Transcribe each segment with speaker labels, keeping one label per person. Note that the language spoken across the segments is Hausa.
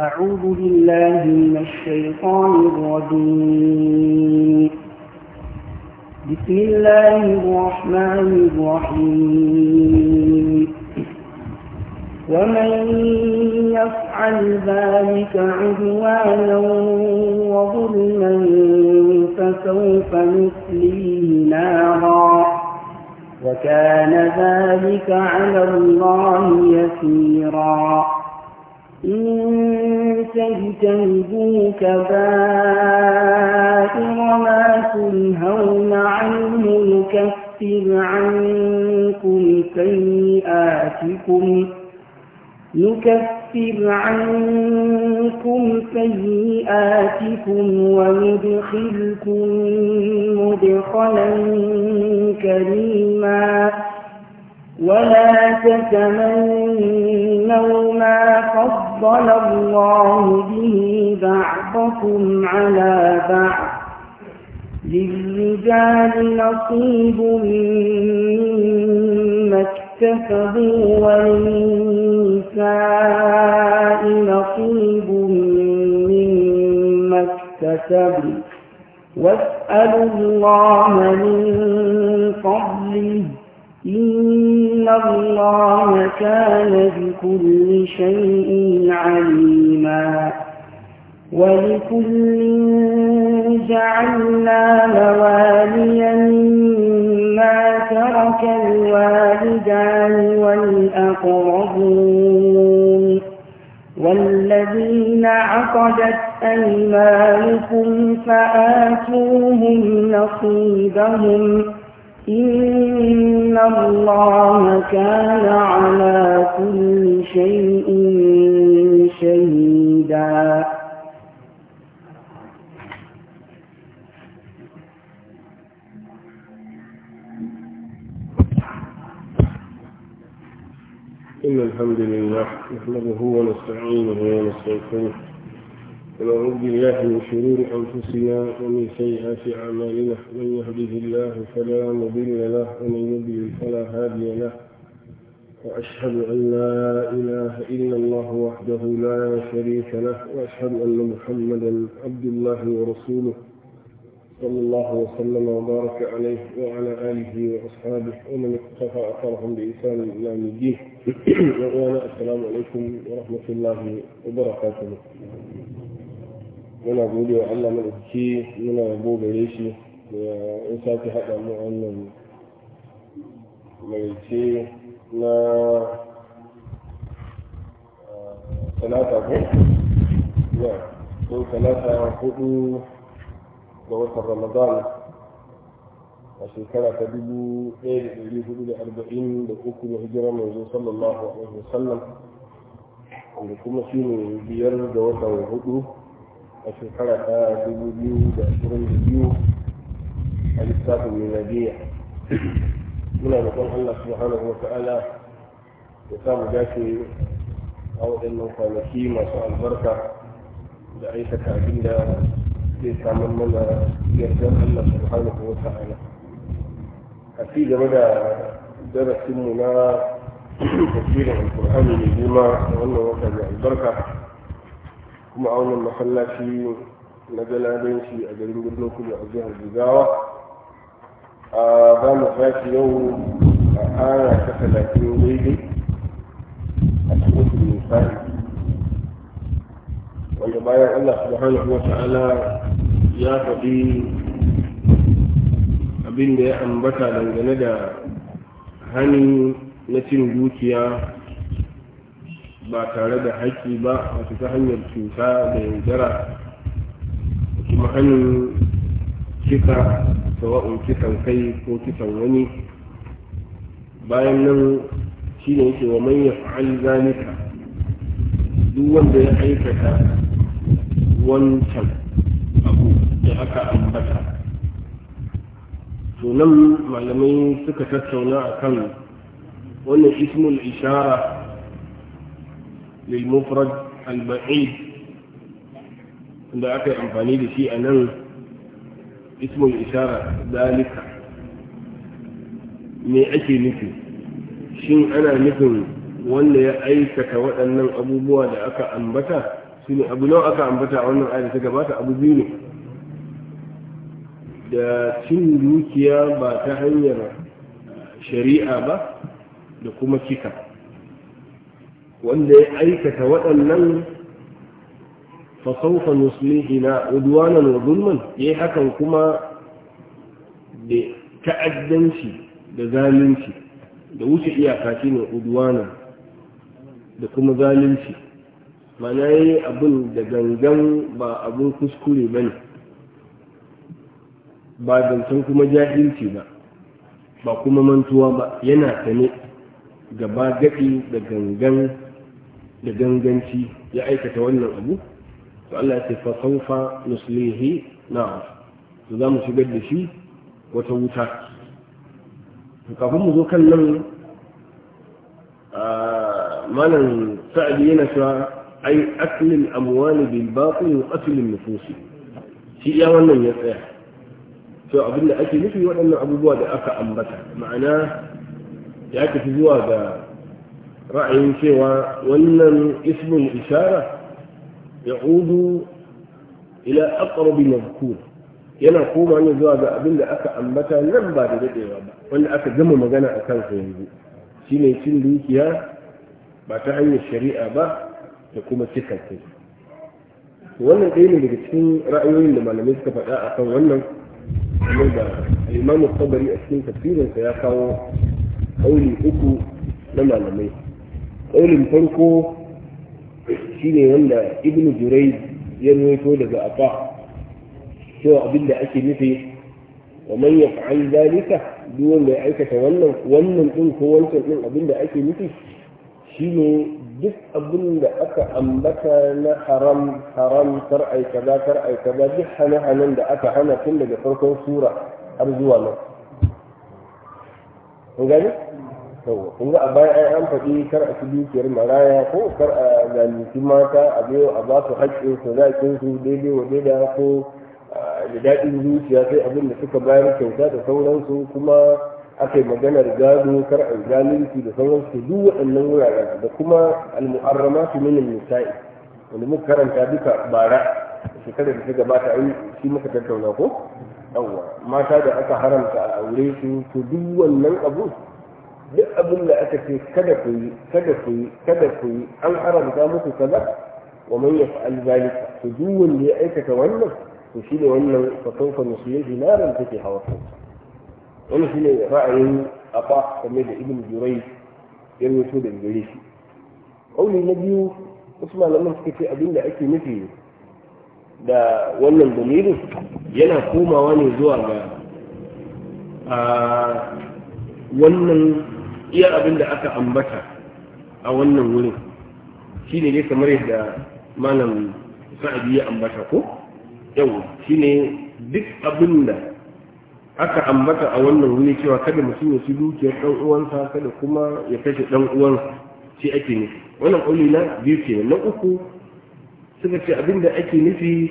Speaker 1: أعوذ بالله من الشيطان الرجيم بسم الله الرحمن الرحيم ومن يفعل ذلك عدوانا وظلما فسوف نسليه نارا وكان ذلك على الله يسيرا إن تجتنبوا كبائر ما تنهون عنه نكفر عنكم سيئاتكم نكفر عنكم سيئاتكم وندخلكم مدخلا كريما ولا تتمنوا ما فضل فضل الله به بعضكم على بعض للرجال نصيب مما اكتسبوا وللنساء نصيب مما اكتسبوا واسألوا الله من فضله إن الله كان بكل شيء عليما ولكل جعلنا مواليا مما ترك الوالدان والأقربون والذين عقدت أيمانكم فآتوهم نصيبهم إن الله كان على كل شيء شهيدا
Speaker 2: إن الحمد لله نحمده ونستعينه ونستغفره ونعوذ بالله من شرور أنفسنا ومن سيئات أعمالنا من يهده الله فلا مضل له ومن يضلل فلا هادي له وأشهد أن لا إله إلا الله وحده لا شريك له وأشهد أن محمدا عبد الله ورسوله صلى الله وسلم وبارك عليه وعلى آله وأصحابه ومن اقتفى أثرهم بإنسان لا الدين وأنا السلام عليكم ورحمة الله وبركاته muna gode wa Allah maɗauki muna yabo gare shi da ya sake haɗa mu wannan maraice na ah, talata ko? ya ko talata hudu ga watan ramadan a shekara ta dubu ɗaya da ɗari hudu da arba'in da uku hijira mai manzo sallallahu alaihi wasallam da kuma shi ne biyar da watan hudu الشكرة تجيب ليو دكتور ليو الاستاذ من ربيع من نقول الله سبحانه وتعالى يسام جاكي أو إنه كان في ما شاء البركة لعيسى كابينا في سامن منا يرجو الله سبحانه وتعالى في جمال درس منا تفسير القرآن لجمع وأنه كان البركة kuma a wannan masallaci na galadanci a garin birnin kudu a jihar jigawa a za mu yau a ara ta talatin daidai a cikin nisa'i wanda bayan allah subhanahu wa ta'ala ya faɗi abin da ya ambata dangane da hani na cin dukiya ba tare da haƙƙi ba wato ta hanyar cuta da yaudara kuma hanyar kisa sawa'un kisan kai ko kisan wani bayan nan shi ne yake wa manya fa'al zalika duk wanda ya aikata wancan abu da aka ambata to nan malamai suka tattauna a kan wannan ismul ishara للمفرد البعيد عند أكي أنفاني لشيء أنه اسم الإشارة ذلك me ake nufi shin ana nufin wanda ya aikata waɗannan abubuwa da aka ambata su ne abu nawa aka ambata a wannan ayar ta gabata abu biyu ne da cin dukiya ba ta hanyar shari'a ba da kuma kika wanda ya aikata waɗannan fasaufa musulmi na udwanan wa zulman yayi hakan kuma da ta'addanci da zalunci da wuce iyaka shine udwanan da kuma zalunci mana yi abin da gangan ba abin kuskure ba ne, ba gantan kuma jahilci ba ba kuma mantuwa ba yana ne gaba gaɗi da gangan da ganganci ya aikata wannan abu to Allah ya ce fa sawfa nuslihi na'am to za mu shigar da shi wata wuta kafin mu zo kan nan ah, malam sa'adi yana cewa ai aklil amwali bil baqi wa aklil nufusi shi ya wannan ya tsaya to abinda ake nufi waɗannan abubuwa da aka ambata ma'ana ya tafi zuwa ga ra'ayin cewa wannan ismin ishara ya udu ila aqrabi mazkur yana koma ne zuwa ga abin da aka ambata nan ba da dadewa ba wanda aka gama magana a sa yanzu shine cin dukiya ba ta hanyar shari'a ba da kuma cika wannan ɗaya ne daga cikin ra'ayoyin da malamai suka faɗa a kan wannan kamar da imamu tabari a cikin tafsirinsa ya kawo ƙauli uku na malamai ƙaunin farko shine wanda ibn jurai ya rawaito daga afa cewa abinda ake nufi wa man yaf'al zalika duk wanda ya aikata wannan wannan din ko wancan din abinda ake nufi shine duk abin da aka ambata na haram haram kar ai kaza kar ai kaza duk hana hanan da aka hana tun daga farkon sura har zuwa nan yawa kun ga a baya ai an faɗi kar a ci dukiyar maraya ko kar a zalunci mata a biyo a ba su haƙƙin su zaƙin su daidai wa daida ko da daɗin zuciya sai abin da suka bayar kyauta da sauransu kuma aka yi maganar gado kar a zalunci da sauransu duk waɗannan wuraren da kuma al-mu'arrama su min nisa'i wanda muka karanta duka bara shekarar da ta gabata ai shi muka tattauna ko yawwa mata da aka haramta a aure su to duk wannan abu duk abin da aka ce kada ku yi kada ku yi kada ku yi an haramta muku kaza wa man yaf'al zalika to duk wanda ya aikata wannan to shine wannan fa sawfa nusiyaji naran take hawa wannan ne ra'ayin afa kamar da ibn jurai ya rawaito da gare shi kauli na biyu wasu malaman suka ce abin da ake nufi da wannan dalilin yana komawa ne zuwa ga wannan iya abin da aka ambata a wannan wurin shi ne dai kamar yadda malam sa'adi ya ambata ko yau shi ne duk abin da aka ambata a wannan wuri cewa kada mutum ya ci dukiyar dan uwansa kada kuma ya kashe dan uwan shi ake nufi wannan ƙauli na biyu ke na uku suka ce abin da ake nufi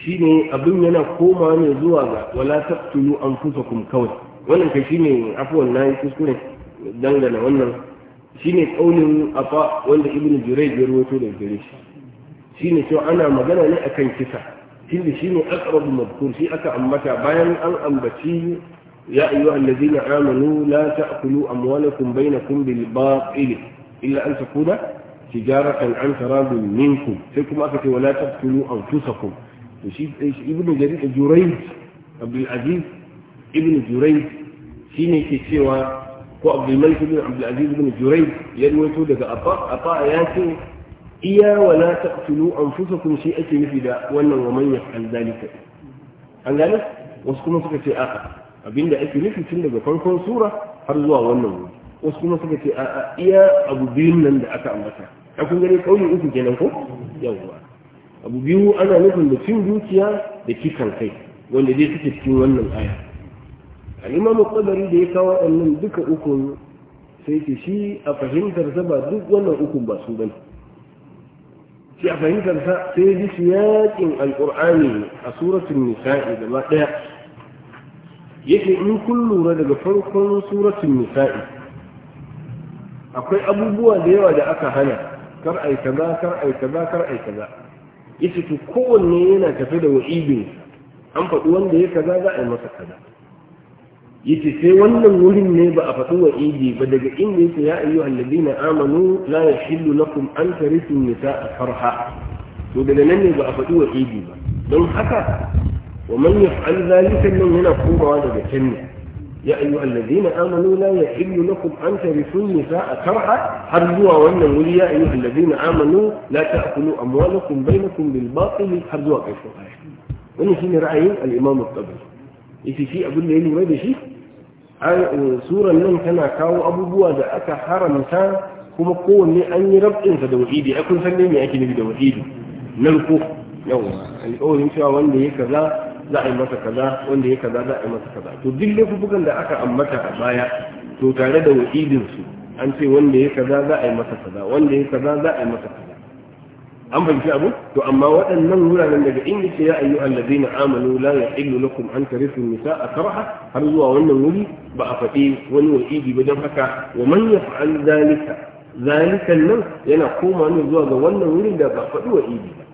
Speaker 2: shine abin yana koma ne zuwa ga wala taqtulu anfusakum kawai wannan kai shine afuwan na yi kuskure dangana wannan shine kaunin afa wanda ibnu jurayj ya rawaito da gare shi shine cewa ana magana ne akan kisa tunda shine aqrabu madhkur shi aka ambata bayan an ambaci ya ayyuha allazina amanu la ta'kulu amwalakum bainakum bil batil illa an takuna tijaratan an taradun minkum sai kuma aka ce wala taqtulu anfusakum to shi ibnu jarir jurayj abdul aziz ibnu jurayj shine ke cewa ko abdulmalik bin abdulaziz bin jurai ya ruwaito daga abba abba ya ce iya wa la taqtulu anfusakum shi ake nufi da wannan wa man yaqul zalika an gane wasu kuma suka ce a'a abinda ake nufi tun daga farkon sura har zuwa wannan wuri wasu kuma suka ce a'a iya abu biyun nan da aka ambata a kun gane kauli uku kenan ko yawwa abu biyu ana nufin da cin dukiya da kikan kai wanda dai suke cikin wannan aya al'imamu ƙadari da ya kawo waɗannan duka ukun sai ke shi a fahimtar sa ba duk wannan ukun ba su bane shi a fahimtar sa sai ji shi yakin alƙur'ani a suratun nisa'i gaba daya yake in kun lura daga farkon suratun nisa'i akwai abubuwa da yawa da aka hana kar ai kaza kar ai kaza kar ai kaza yace to kowanne yana tafe da wa'idin an faɗi wanda ya kaza za a yi masa kaza يتسي ولن نولي الذين آمنوا لا يحل لكم أن ترثوا النساء فرحا ومن يفعل ذلك من هنا قوة هذا جنة يا أيها الذين آمنوا لا يحل لكم أن ترثوا النساء فرحا حرزوا وأن نولي يا أيها الذين آمنوا لا تأكلوا أموالكم بينكم بالباطل حرزوا كيف تقول ونحن رأيي الإمام الطبري ita shi abin da ya lura da shi eh, suran nan tana kawo abubuwa da aka haramta kuma kowanne an yi rabinsa da wa'idi a kun san ne me ake nufi da wa'idi nan ko yawa alƙawarin cewa wanda ya kaza za a yi masa kaza wanda ya kaza za a yi masa kaza to duk laifukan da aka ambata a baya to tare da wa'idin su an ce wanda ya kaza za a yi masa kaza wanda ya kaza za a yi masa kaza an fahimci abu to amma waɗannan wuraren daga in yake ya ayyu allazina amanu la yahillu lakum an tarithu nisaa karaha har zuwa wannan wuri ba a faɗi wani wa'idi ba don haka wa man yaf'al zalika zalikan nan yana koma ne zuwa ga wannan wurin da ba faɗi wa'idi ba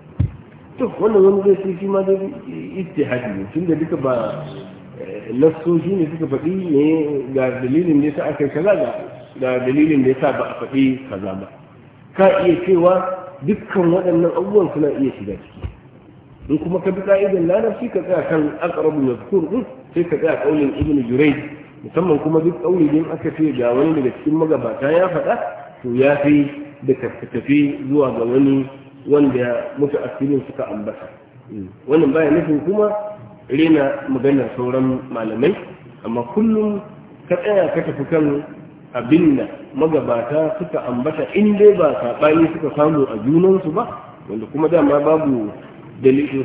Speaker 2: to wannan wani zai sai shi ma da ijtihadi ne tunda duka ba eh, nassoji ne suka faɗi ne ga dalilin da yasa aka kaza ga dalilin da yasa ba a faɗi kaza ba ka iya cewa dukkan waɗannan abubuwan suna iya shiga ciki in kuma ka bi ka'idar larabci ka tsaya kan aqrabu mazkur din sai ka tsaya ƙaunin ibnu jurayj musamman kuma duk kauli din aka ce ga wani daga cikin magabata ya faɗa to ya fi da tafi zuwa ga wani wanda mutu asirin suka ambata wannan baya nufin kuma rena maganar sauran malamai amma kullum ka tsaya ka tafi kan abinda magabata suka ambata in dai ba saɓani suka samu a junansu ba wanda kuma dama babu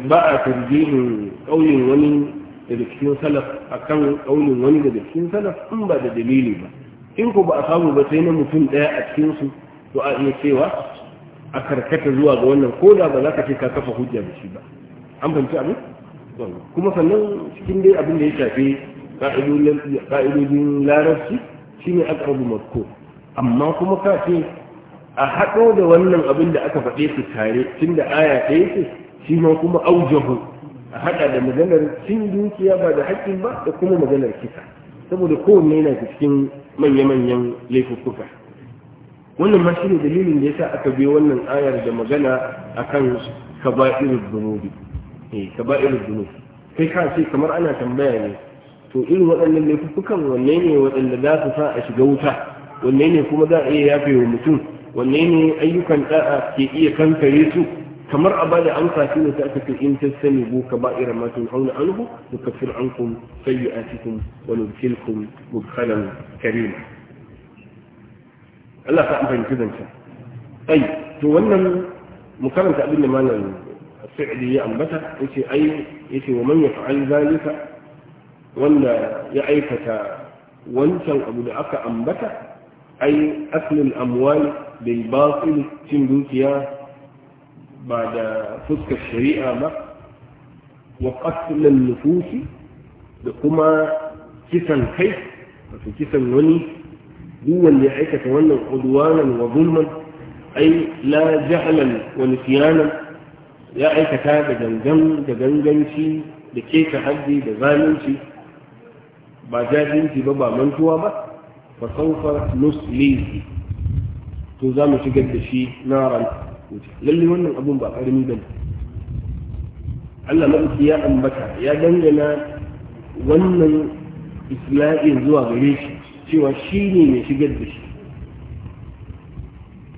Speaker 2: ba a tarjihin ƙaunin wani daga cikin salaf a kan ƙaunin wani daga cikin salaf in ba da dalili ba in ko ba a samu ba sai na mutum ɗaya a cikinsu to a iya cewa a karkata zuwa ga wannan ko da ba za ka ce ka kafa hujja da shi ba an fahimci abin kuma sannan cikin dai abin da ya shafi ƙa'idojin larabci shine aqrabu mazkur amma kuma ka a haɗo da wannan abin da aka faɗe su tare tunda aya ɗaya ce shi ma kuma aujahu a haɗa da maganar cin dukiya ba da haƙƙin ba da kuma maganar kisa saboda kowanne yana cikin manya-manyan laifuffuka wannan ma shine dalilin da yasa aka biyo wannan ayar da magana akan kaba'irul dunubi eh kaba'irul dunubi kai ka ce kamar ana tambaya ne to irin waɗannan laifukan wanne ne waɗanda za su sa a shiga wuta wanne ne kuma za a iya yafe wa mutum wanne ne ayyukan da'a ke iya kankare su kamar a bada amsa shi ne ta aka ce in tassani bu ka ba'ira ma tun hauna anhu nukaffir a cikin wa nudkhilkum mudkhalan karima Allah ta amfani kizanci ai to wannan mu karanta abin da malam sa'idi ya ambata yace ai yace wa man yaf'al zalika wanda ya aikata wancan abu da aka ambata ai aslin amwal bil batil cin dukiya ba da fuskar shari'a ba wa qatlin nufusi da kuma kisan kai wato kisan wani duk wanda ya aikata wannan udwanan wa zulman ai la jahlan wa nisyanan ya aikata da gangan da ganganci da keta haddi da zalunci ba jajinci ba ba mantuwa ba fa sawfa nuslihi to za mu shigar da shi naran lalle wannan abun ba karimi bane Allah madauki ya ambata ya dangana wannan isla'in zuwa gare shi cewa shi ne mai shigar da shi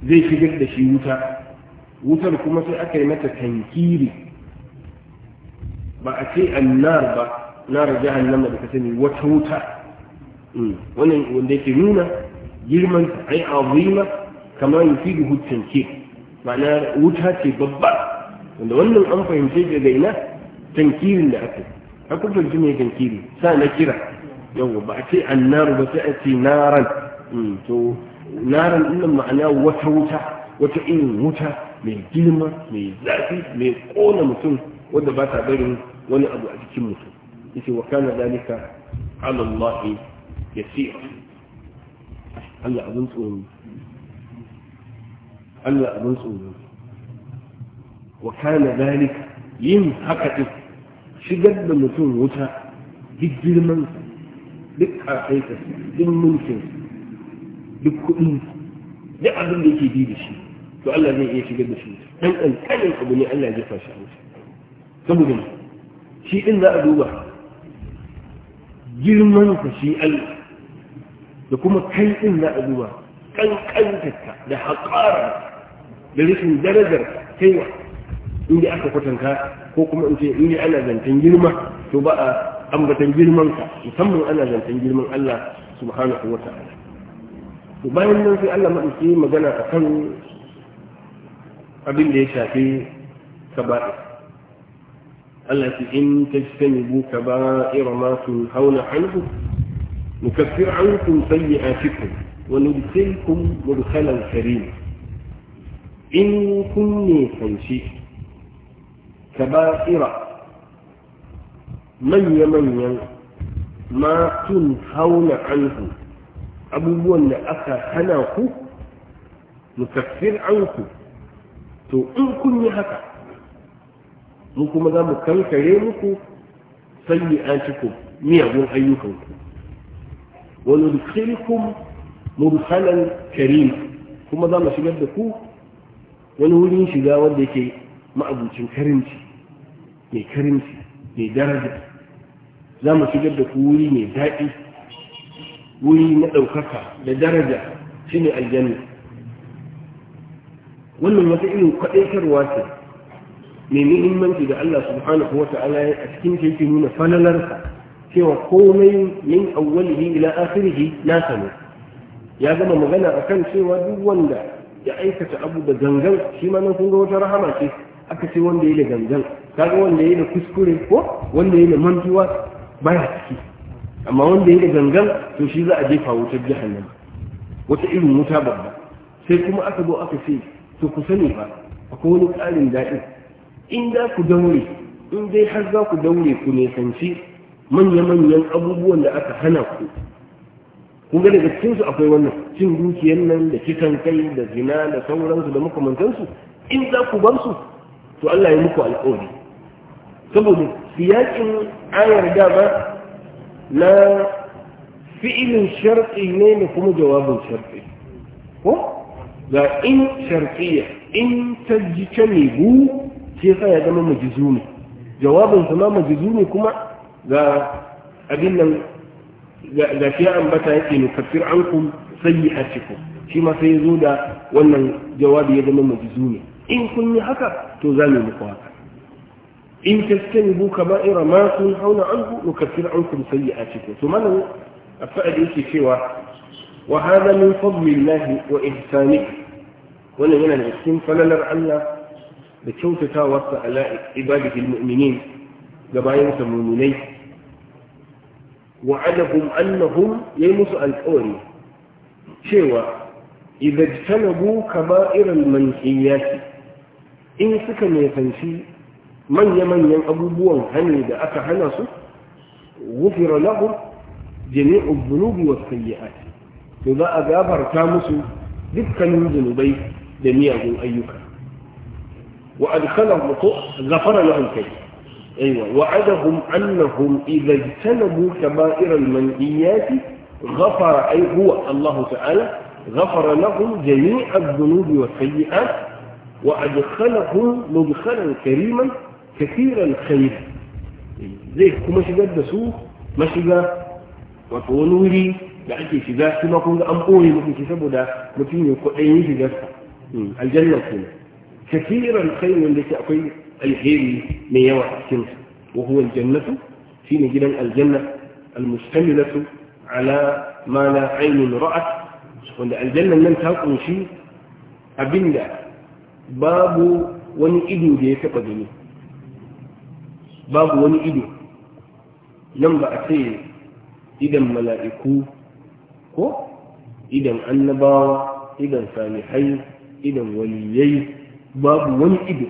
Speaker 2: zai shigar da shi wuta wutar kuma sai aka yi mata tankiri ba a ce annar ba nar jahannama da ka sani wata wuta mm. wannan wanda yake nuna girman ai azima kamar yufidu huttanke ma'ana wuta ce babba wanda wannan an fahimce daga ina tankirin da aka haka fahimci mai tankiri sa na kira yau ba a ce annar ba sai a ce naran mm, to naran ɗin ma'ana wata wuta wata irin wuta mai girma mai zafi mai kona mutum wanda ba ta barin wani abu a cikin mutum حديثه وكان ذلك على الله يسير هل أظنتم هل أظنتم وكان ذلك يمحكته شدد من نسوم وتا جد من بك حقيقة جد من سن بك إن لا أظن لك يديد شيء فألا ذي إيه شدد شيء أن أن كان يقبني ألا جفا شعوش ثم جمع شيء إن لا أدوبه girman ka shi Allah da kuma kai din na azuwa kankantarka da haƙara da rikin darajar kaiwa inda aka kwatanka ko kuma in ce inda ana zantan girma to ba a ambatan girman ka musamman ana zantan girman Allah subhanahu wa ta'ala to bayan nan sai Allah madauki magana akan abin da ya shafi kaba'i التي إن تجتنبوا كبائر ما تنهون عنه نكفر عنكم سيئاتكم وندخلكم مدخلا كريما إن كني فنشي كبائر من يمن ما تنهون عنه أبو أن أكا هناك نكفر عنكم تو إن كني هكذا mu kuma za mu kankare muku an ciko miyagun ku wani rikirikun mudkhalan karim kuma za mu shigar da ku wani wurin shiga wanda yake ma'abucin karimci mai karimci mai daraja za mu shigar da ku wuri mai daɗi wuri na ɗaukaka da daraja shi ne aljanna wannan wata irin kwaɗaitarwa ce mai muhimmanci da Allah subhanahu wa ta'ala ya a cikin nuna falalarsa cewa komai min awwalihi ila akhirihi na sanu ya gama magana akan cewa duk wanda ya aikata abu da gangan shi ma nan kun ga wata rahama ce aka ce wanda ya gangan kaga wanda ya kuskure ko wanda ya da mantuwa baya ciki amma wanda ya gangan to shi za a jefa wutar jahannama wata irin wuta babba sai kuma aka zo aka ce to ku sani ba akwai wani ƙarin daɗi in za ku daure in dai har za ku daure ku nisanci manya-manyan abubuwan da aka hana ku kun ga daga cikinsu akwai wannan cin dukiyar nan da kisan kai da zina da sauransu da makamantansu in za ku bar su to Allah ya muku alƙawari saboda siyakin ayar dama na fi'ilin sharqi ne da kuma jawabin sharqi ko ga in sharqiyya in tajjita ne bu shi sa ya zama majizumi jawabin jawabinsa ma ne kuma ga abin nan ga shi ambata yake ne kafir ankum sayyi'atikum shi ma sai zo da wannan jawabi ya zama ne in kun yi haka to za mu muku haka in tastanibu kama irin ma kun hauna anhu nukaffir ankum sayyi'atikum to manan afa'ad yake cewa wa hadha min fadlillahi wa ihsanihi wannan yana da cikin falalar Allah da kyautatawarsa ala ibadihi almu'minin ga bayan sa mu'minai wa'adahum annahum yayi musu alkawari cewa idan talabu kaba'irul manhiyati in suka nisanci manya-manyan abubuwan hani da aka hana su gufira lahum jami'u dhunubi was sayyi'ati to za a gafarta musu dukkanin zunubai da miyagun ayyuka وأدخلهم غفر لهم كيف أيوة وعدهم أنهم إذا اجتنبوا كبائر المنهيات غفر أي هو الله تعالى غفر لهم جميع الذنوب والسيئات وأدخلهم مدخلا كريما كثير الخير زي كما شجد دسوه ما شجد وطولوري da ake shiga kuma kun ga an ɓoye mutum ki saboda mutum ya kwaɗayin كثيرا خير لتأخير الحين من يوع السنف وهو الجنة في نجلا الجنة المستملة على ما لا عين رأت وان الجنة لم تكن شيء أبن لا باب وني إدو جيك باب وني إدو نمبع إذا ملائكو إذا النبا إذا صالحي إذا وليي babu wani ido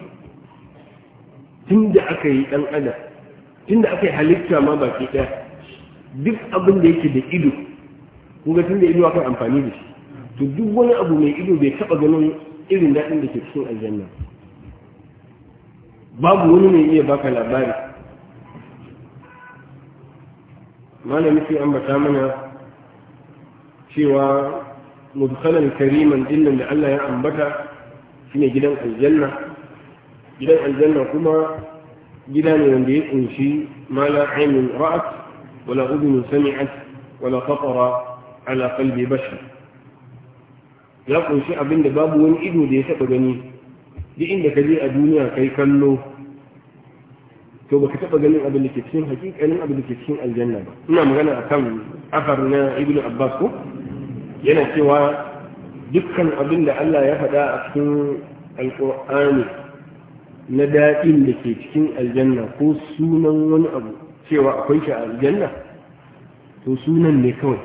Speaker 2: tun da aka yi ɗan adam tun aka yi halitta ma baki ɗaya duk abin da yake da ido kuma tun da ido aka amfani da shi to duk wani abu mai ido bai taɓa ganin irin daɗin da ke cikin aljanna babu wani mai iya baka labari malami sai ambata mana cewa mudkhalan kariman illan da Allah ya ambata shine gidan aljanna gidan aljanna kuma gida ne wanda ya kunshi ma la ra'at wala udhun sami'at wala khatara ala qalbi bashar ya kunshi abin da babu wani ido da ya taba gani duk inda ka je a duniya kai kallo to baka taba ganin abin da ke cikin hakikanin abin da ke cikin aljanna ba ina magana akan afar na ibnu abbas ko yana cewa dukkan abin da Allah ya faɗa a cikin alƙur'ani na daɗin da ke cikin aljanna ko sunan wani abu cewa akwai shi a aljanna to sunan ne kawai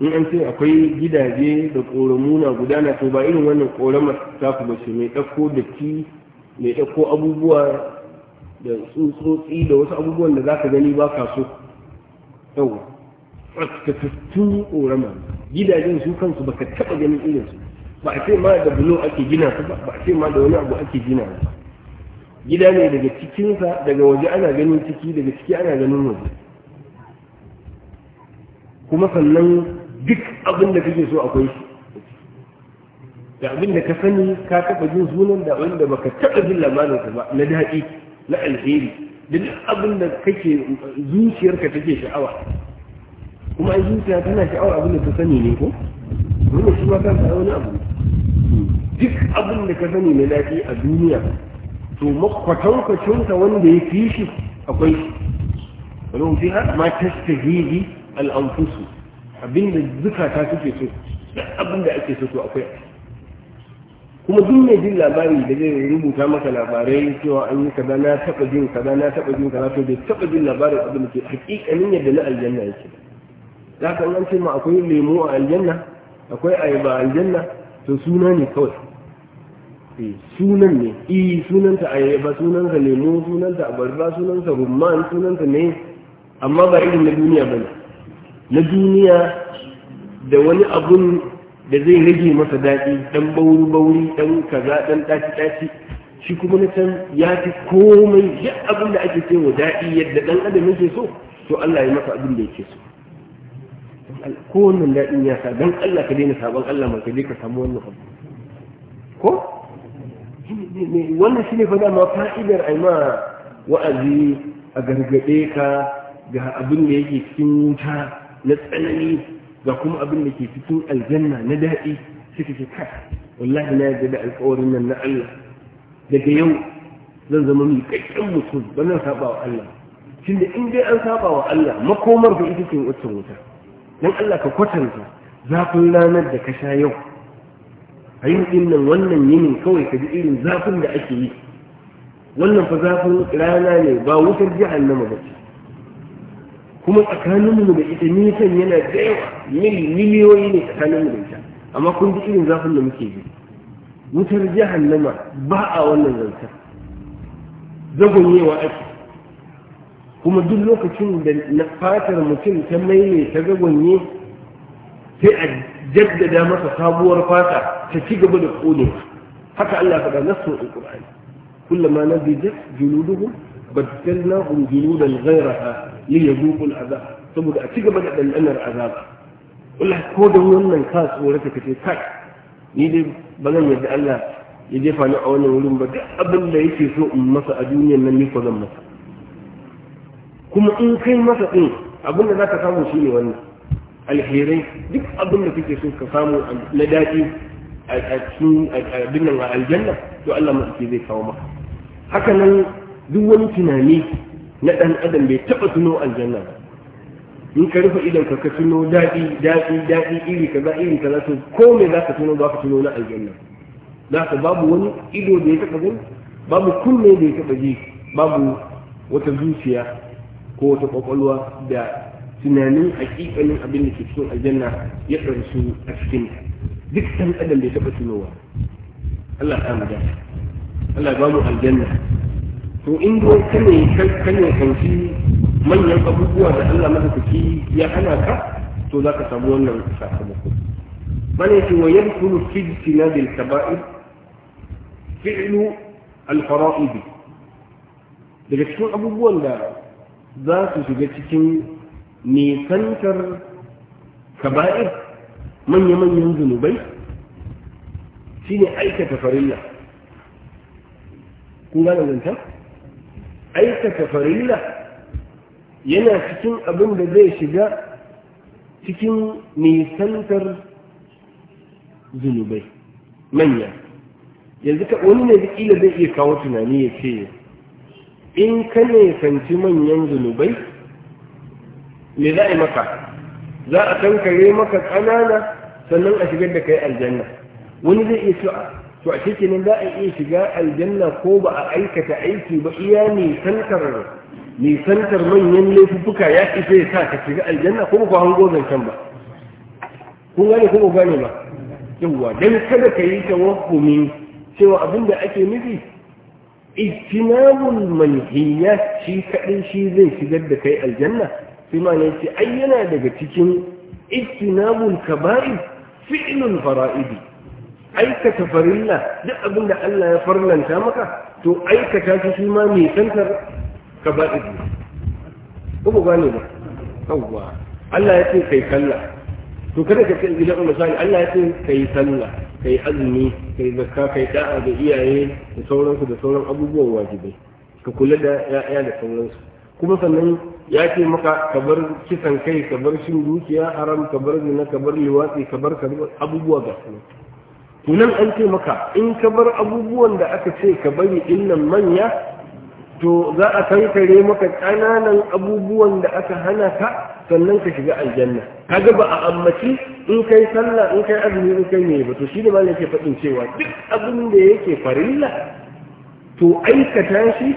Speaker 2: in an ce akwai gidaje da ƙoramuna gudana to ba irin wannan ƙoramar ku ba mai ɗauko datti mai ɗauko abubuwa da tsutsotsi da wasu abubuwan da za ka gani ba ka so yau tsakatattun ƙorama gidajen su kansu baka taba ganin irin su ba a ce ma da bulo ake gina su ba ba a ce ma da wani abu ake gina su gida ne daga cikinsa daga waje ana ganin ciki daga ciki ana ganin waje kuma sannan duk abin da kake so akwai shi da abin da ka sani ka taba jin sunan da wanda baka taba jin sa ba na daɗi na alheri da duk abin da kake zuciyarka take sha'awa kuma ai zuciya tana sha'awar abin da ta sani ne ko dole shi ma kansa wani abu duk abin da ka sani na daɗi a duniya to makwatankacinsa wanda ya fi shi akwai wani fi har ma tastahili al'amfusu abinda zukata suke so abin da ake so to akwai kuma duk mai jin labari da zai rubuta maka labarai cewa an yi kaza na taɓa jin kaza na taɓa jin kaza to bai taɓa jin labarin abin da ke hakikanin yadda na aljanna yake ba za ka an ce ma akwai lemu a aljanna akwai ayaba a aljanna to suna ne kawai eh, sunan ne i eh, sunanta ayaba sunanta lemu sunanta abarba sunanta rumman sunanta ne amma ba irin na duniya bane na duniya da wani abun da zai rage masa daɗi ɗan bauri-bauri ɗan kaza ɗan ɗaci-ɗaci shi kuma na can ya fi komai duk abin da ake cewa wa daɗi yadda ɗan adam yake so to Allah ya masa abin da yake so ko wannan daɗin ya sa don Allah ka daina sabon Allah mai ka je ka samu wannan abu ko wannan shine fa dama fa'idar ai ma wa'azi a gargaɗe ka ga abin da yake cikin wuta na tsanani ga kuma abin da ke cikin aljanna na daɗi suka ce ka wallahi na yadda da alƙawarin nan na Allah daga yau zan zama mai kakkin mutum ba zan saba wa Allah tunda in dai an saba wa Allah makomar da ita ce wuta don Allah ka kwatanta zafin ranar da ka sha yau a yin ɗinnan wannan yinin kawai ka ji irin zafin da ake yi wannan fa zafin rana ne ba wutar jihannama ba ce kuma tsakaninmu da ita nisan yana da yawa miliyoyi ne tsakaninmu da ita amma kun ji irin zafin da muke ji wutar jihannama ba a wannan zantar zagonyewa ake kuma duk lokacin da na fatar mutum ta maime ta gagwanye sai a jaddada masa sabuwar fata ta ci gaba da kone haka Allah faɗa nasu a Qur'ani kullama nabidat juluduhum baddalnahum juludan ghayraha liyazuqu al'azab saboda a ci gaba da dandanar azab wallahi ko da wannan ka tsorata kace kai ni dai ba zan yadda Allah ya jefa ni a wannan wurin ba duk abin da yake so in masa a duniyar nan ni ko zan masa kuma in kai masa ɗin abin da za ka samu shi ne wannan alherai duk abin da kake so ka samu na daɗi a cikin abin nan a aljanna to Allah maɗauki zai kawo maka haka nan duk wani tunani na ɗan adam bai taɓa tuno aljanna ba in ka rufe idan ka tuno daɗi daɗi daɗi iri ka kaza iri kaza to ko me za ka tuno ba ka tuno na aljanna za ka babu wani ido da ya taɓa gani babu kunne da ya taɓa ji babu wata zuciya ko ta kwakwalwa da tunanin hakikalin abin da ke cikin aljanna ya ɗarsu a cikin duk san adam bai taɓa tunowa Allah ta mu dace Allah ba mu aljanna to in dai kane kane kanci manyan abubuwa da Allah madaukaki ya hana ka to za ka samu wannan sakamako bane ce wa yadkhulu fi jinabil kaba'ir fi'lu al-fara'id daga cikin abubuwan da za su shiga cikin nisantar kaba'ir manya-manyan zunubai shine aikata farilla kun gane zanta? aikata farilla yana cikin abin da zai shiga cikin nisantar zunubai manya yanzu ka wani ne da kila zai iya kawo tunani ya ce in ka ne sanci manyan zunubai me za a yi maka za a kankare maka ƙanana sannan a shigar da kai aljanna wani zai iya su'a to a cikinin za a iya shiga aljanna ko ba a aikata aiki ba iya nisantar nisantar manyan laifuka ya isa ya sa ka shiga aljanna ko ba hango zancen ba kun gane ko gane ba yawwa dan kada ka yi tawahumi cewa abin da ake nufi ijtinabul manhiyat shi kadai shi zai shigar da kai aljanna sai ma ce, ai yana daga cikin ijtinabul kaba'ir fi'lul fara'idi aikata farilla duk abin da Allah ya farlanta maka to aikata shi shi ma mai santar kaba'ir ko ba gane ba yawwa Allah ya ce kai sallah to kada ka ce idan misali Allah ya ce kai sallah kai azumi kai zakka kai da'a ga iyaye da sauransu da sauran abubuwan wajibai ka kula da ya'ya da sauransu kuma sannan ya ce maka ka bar kisan kai ka bar shin dukiya haram ka bar zina ka bar liwatsi ka bar abubuwa ga su an ce maka in ka bar abubuwan da aka ce ka bari illan manya to za a kankare maka ƙananan abubuwan da aka hana ka sannan ka shiga aljanna kaga ba a ammaci in kai sallah in kai azumi in kai ne ba to shine malam yake faɗin cewa duk abin da yake farilla to aikata shi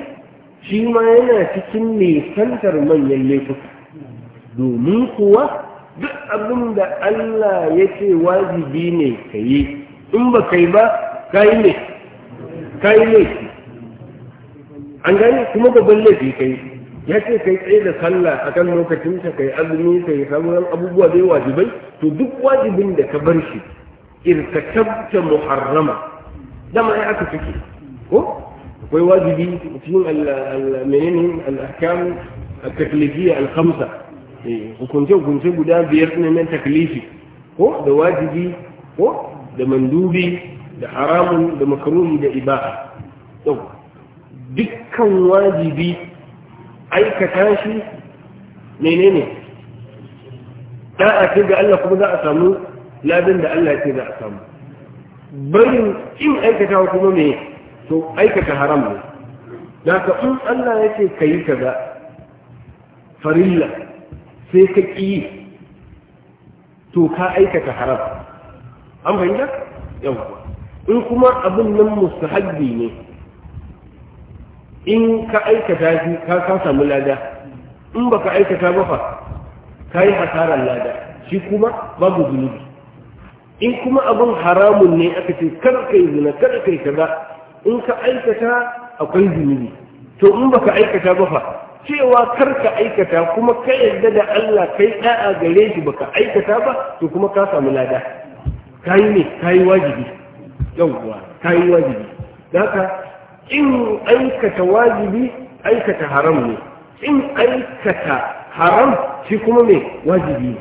Speaker 2: shi ma yana cikin santar manyan laifuka domin kuwa duk abin da Allah ya ce wajibi ne ka yi in ba kai ba ka ne ka yi an gani kuma babban laifi kai ya ce kai tsaye da sallah a kan lokacin ka kai azumi kai sauran abubuwa da wajibai to duk wajibin da ka bar shi irtakabta muharrama dama ya aka suke ko akwai wajibi cikin menene al-ahkam at al-khamsa eh, hukunce hukunce guda biyar ne na taklifi ko da wajibi ko da mandubi da haramun da makaruhi da ibaha dukkan wajibi aikata shi menene da'a ce ga Allah kuma za a samu ladin da Allah ce za a samu barin in aikata kuma me to aikata haram ne da ka in Allah ya ce ka yi kaza farilla sai ka ƙi to ka aikata haram an fahimta yawa in kuma abin nan mustahabbi ne in ka aikata shi ka ka samu lada in ka aikata ba fa ka yi hasaran lada shi kuma babu zunubi in kuma abin haramun ne aka ce kar ka yi zina kar ka yi kaza in ka aikata akwai zunubi to in baka aikata ba fa cewa kar ka aikata kuma ka yarda da Allah kai da'a gare shi baka aikata ba to kuma ka samu lada kai ne kai wajibi yawwa kai wajibi haka in aikata wajibi aikata haram ne in aikata haram shi kuma mai wajibi ne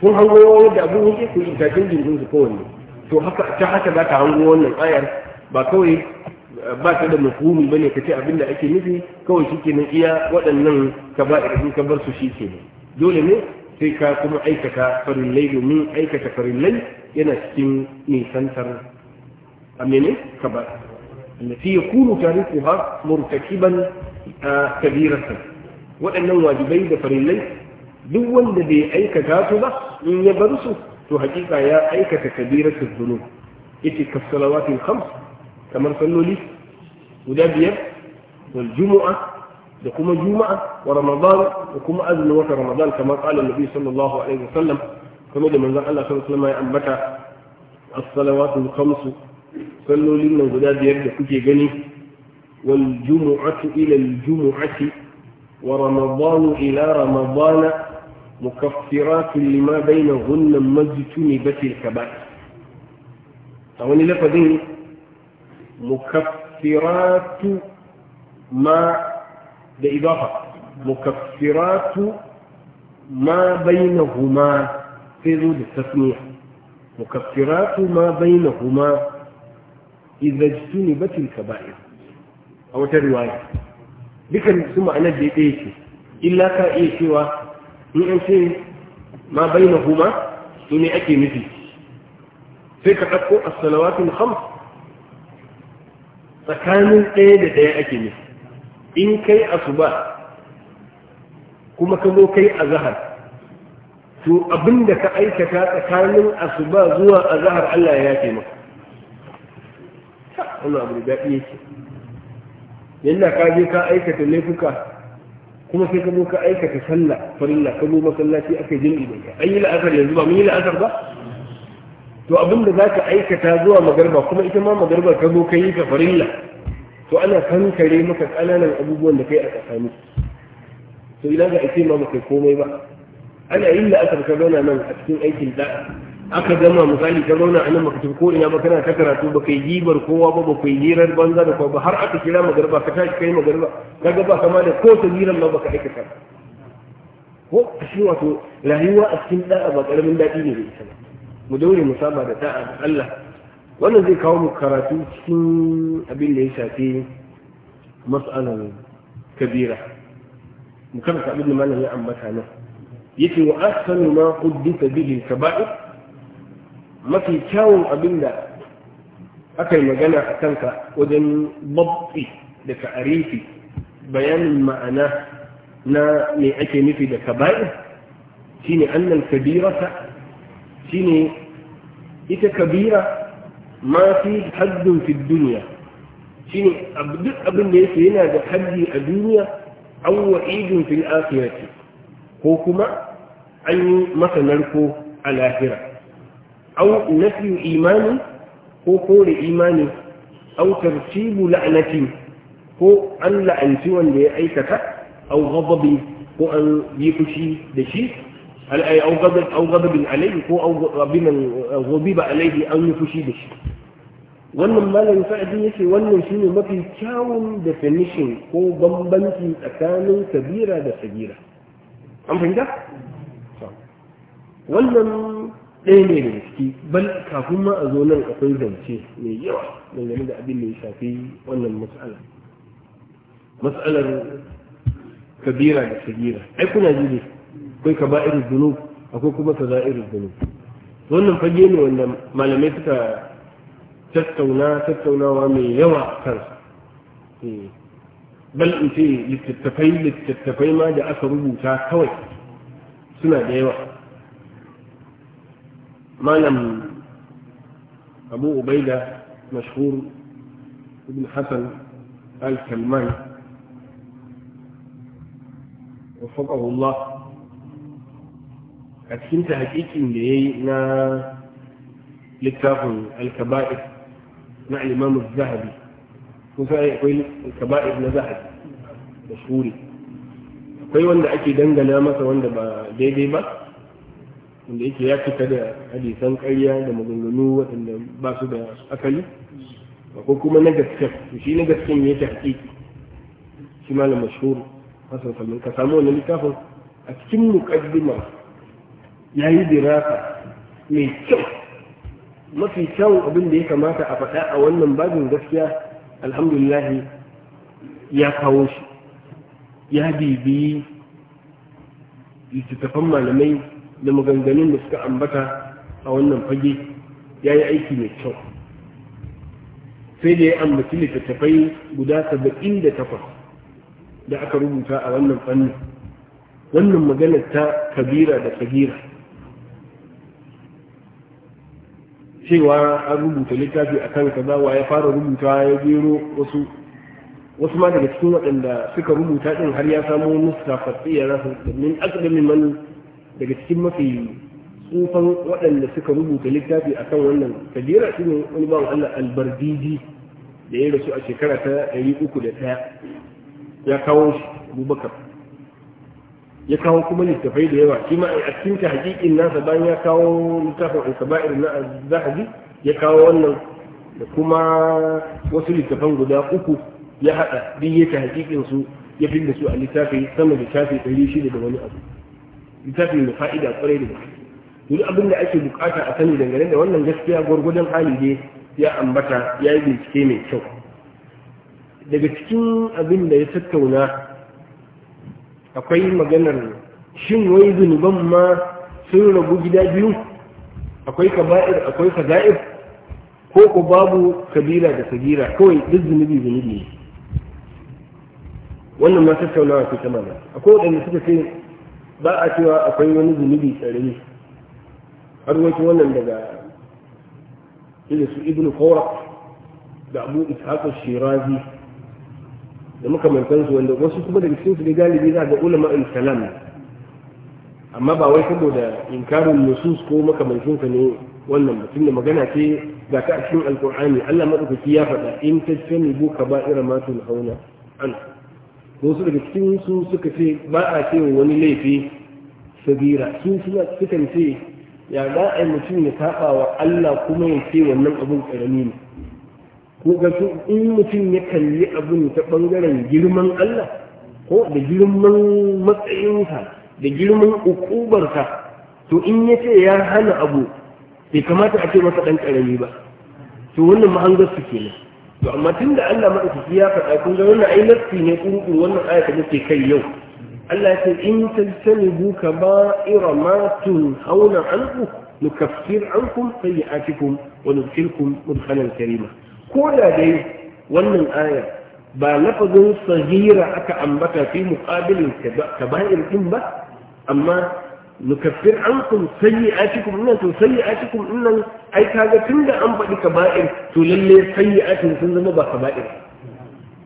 Speaker 2: kun hango wani abin yake ku yi jirgin su kowanne to haka ta haka za ta hango wannan ayar ba kawai ba ta da mafuhumi ba ne ka ce abin da ake nufi kawai shi ke iya waɗannan ka ba a ka bar su shi ke dole ne sai ka kuma aikata farillai domin aikata farillai yana cikin nisantar amene ka ba التي يكون تاركها مرتكبا كبيرة وأنه واجبين فريلين دول الذي أيكتاته له إن يبرسه تحقيق يا أيكة كبيرة الذنوب إتي كالصلوات الخمس كما صلوا لي ودابية والجمعة دقوم الجمعة ورمضان دقوم أذن وقت رمضان كما قال النبي صلى الله عليه وسلم كما من الله صلى الله عليه وسلم يا أنبتا الصلوات الخمس sallolin nan guda biyar da kuke gani wal jumu'atu ila al jumu'ati wa ramadanu ila ramadana mukaffiratun lima bainahunna majtunibat al kaba'ir a wani lafazin mukaffiratu ma da idafa mukaffiratu ما بينهما في ذو التسمية مكفرات ما بينهما tuni batil kaba'ir a wata riwaya dukan su ma'anar da yake. ce illa ka iya cewa in an ce ma bai na huma su ne ake nufi sai ka ɗauko a salawatin ham tsakanin ɗaya da ɗaya ake nufi in kai asuba kuma ka zo kai a zahar to abinda ka aikata tsakanin asuba zuwa a Allah ya yafe maka wannan abu da daɗi yake yanda ka je ka aikata laifuka kuma sai ka zo ka aikata sallah farilla ka zo masallaci aka yi jin idan an yi la'asar yanzu ba mun yi la'asar ba to abin da za ka aikata zuwa magarba kuma ita ma magarba ka zo ka yi ka farilla to ana kankare maka ƙananan abubuwan da kai a tsakani to idan ka ake ma baka komai ba ana yin la'asar ka zauna nan a cikin aikin da'a aka gama misali ka zauna a nan maka tafi ko ina ba kana ta karatu ba kai jibar kowa ba ba kai hirar banza da kowa ba har aka kira magarba ka tashi kai magarba ka ba kama da ko ta hirar ma ka aikata ko a shi wato rayuwa a cikin da'a ba karamin daɗi ne da ita mu daure mu saba da da'a da Allah wannan zai kawo mu karatu cikin abin da ya shafi mas'alar kabira mu ka abin da malam ya ambata nan yace wa asanu ma quddisa bihi al-kaba'ir mafi kyawun abin da aka yi magana a kanka wajen babbi da Arifi, bayanin ma'ana na me ake nufi da kaba'i shine annal kabirata shine ita kabira ma fi haddun fi duniya shine duk abin da yake yana da haddi a duniya an wa'idun fil akhirati ko kuma an yi masa narko a lahira au nafiyu imani ko kore imani au tartibu la'nati ko an la'anci wanda ya aikata au ghadabi ko an yi fushi da shi au ghadab au ghadabin alayhi ko au binan ghadiba alayhi an yi fushi da shi wannan malam sa'adi yace wannan shine mafi kyawun definition ko bambanci tsakanin kabira da sagira an fahimta wannan ɗaya ne da ciki bal kafin ma a zo nan akwai zance mai yawa dangane da abin da ya shafi wannan mas'ala mas'alar kabira da kabira ai kuna ji ne akwai irin dhunub akwai kuma ka za irin dhunub wannan fage ne wanda malamai suka tattauna tattaunawa mai yawa kan eh, bal in ce littattafai littattafai ma da aka rubuta kawai suna da yawa معلم أبو عبيدة مشهور ابن حسن آل الكلماني وفقه الله أكسنت هكيكي لينا لكافن الكبائر مع الإمام الذهبي وفي أقول الكبائر نزهد مشهوري أقول وانا أكي دنجل يا مثلا وانا بديدي wanda yake ya fita da hadisan karya da maganganu waɗanda ba su da asali ko kuma na gaske shi na gaske ne yake hakiki shi malam mashhur hasan salmin ka samu wannan littafin a cikin muqaddima yi dirasa mai kyau mafi kyau abin da ya kamata a faɗa a wannan babin gaskiya alhamdulillah ya kawo shi ya bibi littattafan malamai da maganganun da suka ambata a wannan fage ya yi aiki mai kyau sai da ya ambaci littattafai guda saba'in da takwas da aka rubuta a wannan fannin wannan maganar ta kabira da kabira cewa an rubuta littafi a kan kaza wa ya fara rubuta ya gero wasu wasu ma daga cikin waɗanda suka rubuta ɗin har ya samo mustafatsi ya rasa min man daga cikin mafi tsufan waɗanda suka rubuta littafi akan wannan shi ne wani bawan Allah albardiji da ya rasu a shekara ta uku da 301 ya kawo shi Abubakar ya kawo kuma littafai da yawa shi ma a cikin ta hakikin nasa bayan ya kawo littafin al-kaba'ir na zahabi ya kawo wannan da kuma wasu littafan guda uku ya haɗa duk ya ta hakikin su ya fi da su a littafi sama da shafi shida da wani abu littafi da fa'ida kwarai da gaske duk abin da ake bukata a sani dangane da wannan gaskiya gwargwadon hali ne ya ambata ya yi bincike mai kyau daga cikin abin da ya tattauna akwai maganar shin wai zunuban ma sun rabu gida biyu akwai kaba'ir akwai faza'ir ko ko babu kabira da sagira kawai duk zunubi zunubi ne wannan ma tattaunawa ce ta mana akwai waɗanda suka ce ba a cewa akwai wani zunubi tsarari har wasu wannan daga ila su ibn kora da abu ishaqu shirazi da makamantan su wanda wasu kuma daga cikin su ne galibi za ga ulama in kalam amma ba wai saboda inkarin nusus ko makamantan sa ne wannan mutum da magana ce ga ta a cikin alqur'ani Allah madaukaki ya faɗa in tajtanibu kaba'ira ma hauna. anhu su daga cikin su suka ce ba a ce wani laifi sabira su suna sukan ce ya za a yi mutum ya saba wa Allah kuma ya ce wannan abun karami ne ko ga su in mutum ya kalli abun ta bangaren girman Allah ko da girman matsayinsa da girman ukubarsa to in ya ce ya hana abu bai kamata a ce masa dan karami ba to wannan mahangar ke kenan to amma tun da Allah maɗaukaki ya faɗa kun ga wannan ai nafsi ne ƙurƙur wannan aya da muke kai yau Allah ya ce in tajtanibu kaba'ira ma tunhauna anhu nukaffir ankum sayyi'atikum wa nudkhilkum mudkhalan karima ko da dai wannan aya ba lafazin sagira aka ambata fi ta kaba'ir ɗin ba amma nukaffir ankum sayyi'atikum inna to sayyi'atikum inna ai kaga tunda an faɗi kaba'ir to lalle sayyi'atun sun zama ba kaba'ir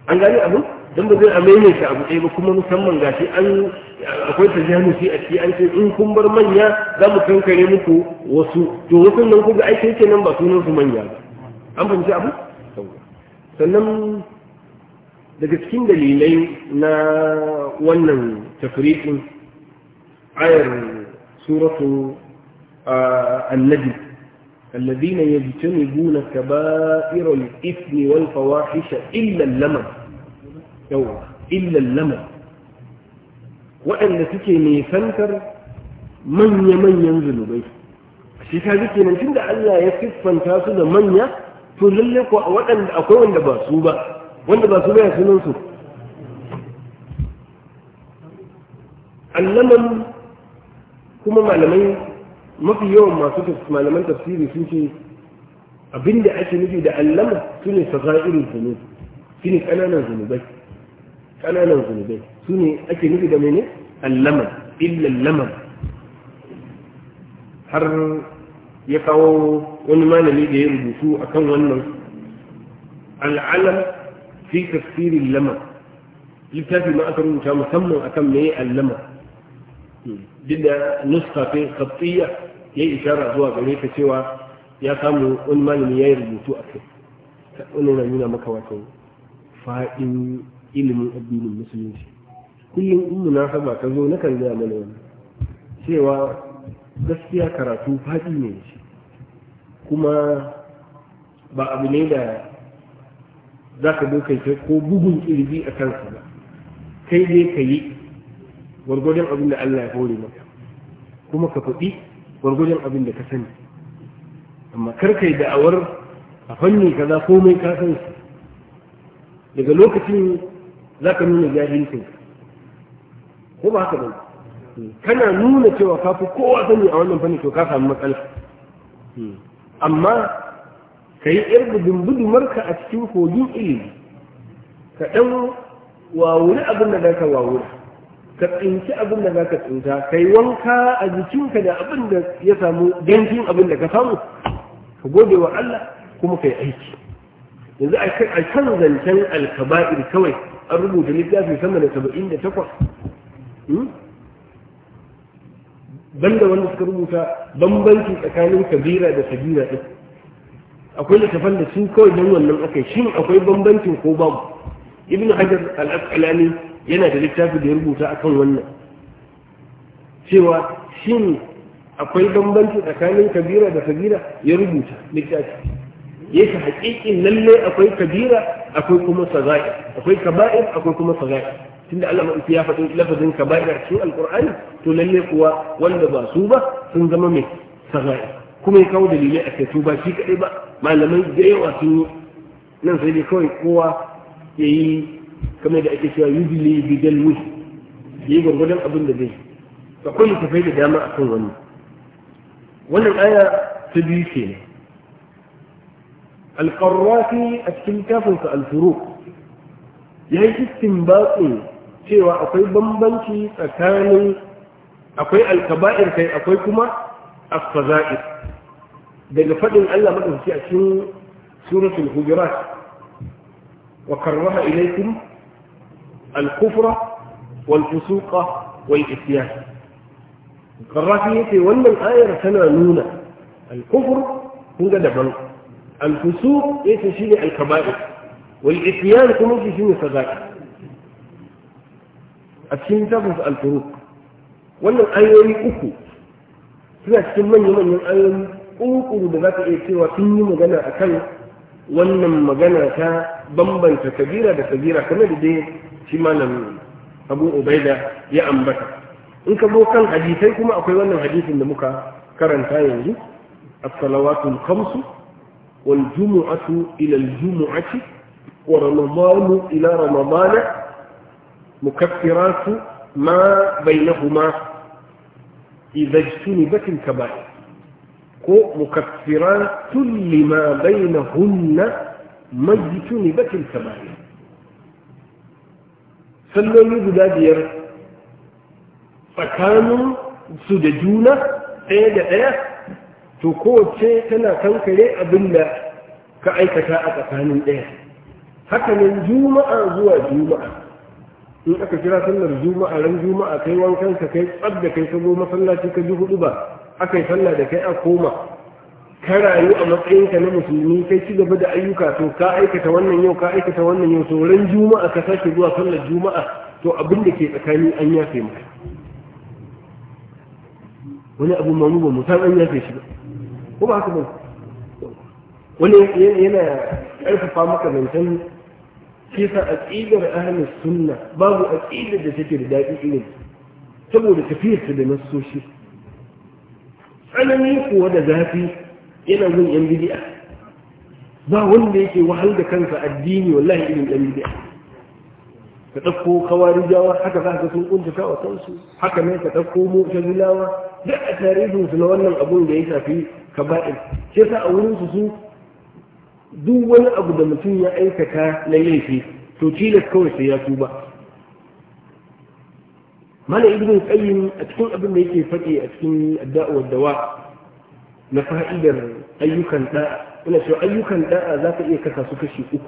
Speaker 2: an gani abu dan ba zai amene shi abu ɗaya ba kuma musamman gashi an akwai shi a ciki an ce in kun bar manya za mu kankare muku wasu to wasu nan kuga ai yake kenan ba sunan su manya ba an fahimci abu sannan daga cikin dalilai na wannan tafriqin ayar سورة النجم الذين يجتنبون كبائر الإثم والفواحش إلا اللمم يوم إلا اللمم وأن تكي نيسانتر من يمن ينزل بيه الشيكا ذكي ننتين ده ألا يكفن تاسو ده من ي تللك وأن أقوى وأن باسوبة وأن باسوبة يسننسو اللمم kuma malamai mafi yawan masu malaman tafsiri sun ce da ake nufi da allama su ne irin zunubi su ne ƙananan zunubai ƙananan zunubai su ne ake nufi da mene allama illa laman har ya kawo wani malami da ya rubutu akan wannan al'alam fi tafsirin laman littafi ma aka rubuta musamman akan meye allama duk da nuska fi khatiyya ya isharar zuwa gare ka cewa ya samu wani malami ya yi rubutu a kai wannan na nuna maka wato fa'in ilimin addinin musulunci kullum in saba ka zo nakan gaya mana wani cewa gaskiya karatu fa'i ne shi kuma ba abu ne da za ka dokai ko bugun kirji a kansa ba kai dai ka yi gwargwadon abin da Allah ya hore maka kuma ka faɗi gwargwadon abin da ka sani amma karka yi da'awar a fanni ka za komai ka san su daga lokacin za ka nuna jahilcin ko ba haka ba kana nuna cewa ka fi kowa sani a wannan fanni to ka samu matsala amma ka yi yar ka a cikin kogin ilimi ka ɗan wawuri abin da za ka wawura ka tsinci abin da za ka tsinta ka yi wanka a jikinka da abin da ya samu dantin abin da ka samu ka gode wa Allah kuma ka yi aiki yanzu a kan zancen alkaba'ir kawai an rubuta littafi sama da saba'in da takwas hmm? banda wanda suka rubuta bambanci tsakanin kabira da sabira ɗin akwai littafan da su kawai don wannan akai shin akwai bambancin ko babu ibn hajar al-asqalani yana da littafi da ya rubuta a kan wannan cewa shin akwai bambanci tsakanin kabira da kabira ya rubuta littafi ya shi haƙiƙin lalle akwai kabira akwai kuma sazaƙi akwai kaba'ir akwai kuma saza'i tunda Allah ya faɗin lafazin kaba'ir a cikin alƙur'ani to lalle kuwa wanda ba su ba sun zama mai sazaƙi kuma ya kawo dalilai a kai su ba shi kaɗai ba malamai da yawa sun yi nan sai dai kawai kowa ya yi kamar da ake cewa yubli bi dalwi yi gwargwadon abin da zai akwai littafai da dama akan wani wannan aya ta biyu ke ne alƙarrafi a cikin kafinsa alfuru ya yi istinbatsin cewa akwai bambanci tsakanin akwai alkaba'ir kai akwai kuma afaza'ir daga faɗin Allah maɗauki a cikin suratul hujurat wa karraha ilaikum الكفر والفسوق والاتيان قرأتني في ولا الآية سنة نونة الكفر هو دبا الفسوق يتشيني الكبائر والاتيان هو يتشيني صغير أتشيني تفض الفروق ولا الآية يأكو فلا أتشيني من يمن الآية يأكو لذلك إيتي وفيني مجانا أكل wannan magana ta bambanta kabira da kabira kamar da dai shi malam abu ubaida ya ambata in ka zo kan hadisai kuma akwai wannan hadisin da muka karanta yanzu as al khamsu wal jumu'atu ila al jumu'ati wa ramadanu ila ramadana mukaffiratu ma bainahuma idza ijtunibat al kaba'ir ko mukaffiratun lima bainahunna bakin kaba'ir salloli guda biyar tsakanin su da juna ɗaya da ɗaya to kowace tana kankare abin da ka aikata a tsakanin ɗaya hakanan juma'a zuwa juma'a in aka kira sallar juma'a ran juma'a kai wankan ka kai tsab da kai ka zo masallaci ka ji hudu ba aka yi sallah da kai a koma ka rayu a matsayinka na musulmi kai ci gaba da ayyuka to ka aikata wannan yau ka aikata wannan yau ran juma'a ka sake zuwa sallar juma'a to abin da ke tsakani an yafe mu. wani abu mamu ba musan san an yafe shi ba ko ba haka ba wani yana ƙarfafa maka zancen shi sa tsigar ahalin sunna babu a tsigar da take da daɗi irin saboda tafiyarsa da shi. Tsananin kuwa da zafi yana zun yan bidi'a ba wanda yake wahal da kansa addini wallahi irin yan bidi'a ka ɗauko kawarijawa haka za ka sun kuntuka wa kansu haka ne ka ɗauko mutazilawa duk a tarihinsu na wannan abun da ya shafi kaba'in, shi sa a wurinsu su duk wani abu da mutum ya aikata na laifi to tilas kawai sai ya tuba mana ibn qayyim a cikin abin da yake faɗi a cikin addu'a dawa na fa'idar ayyukan da'a ina cewa ayyukan da'a za ka iya kasa su kashi uku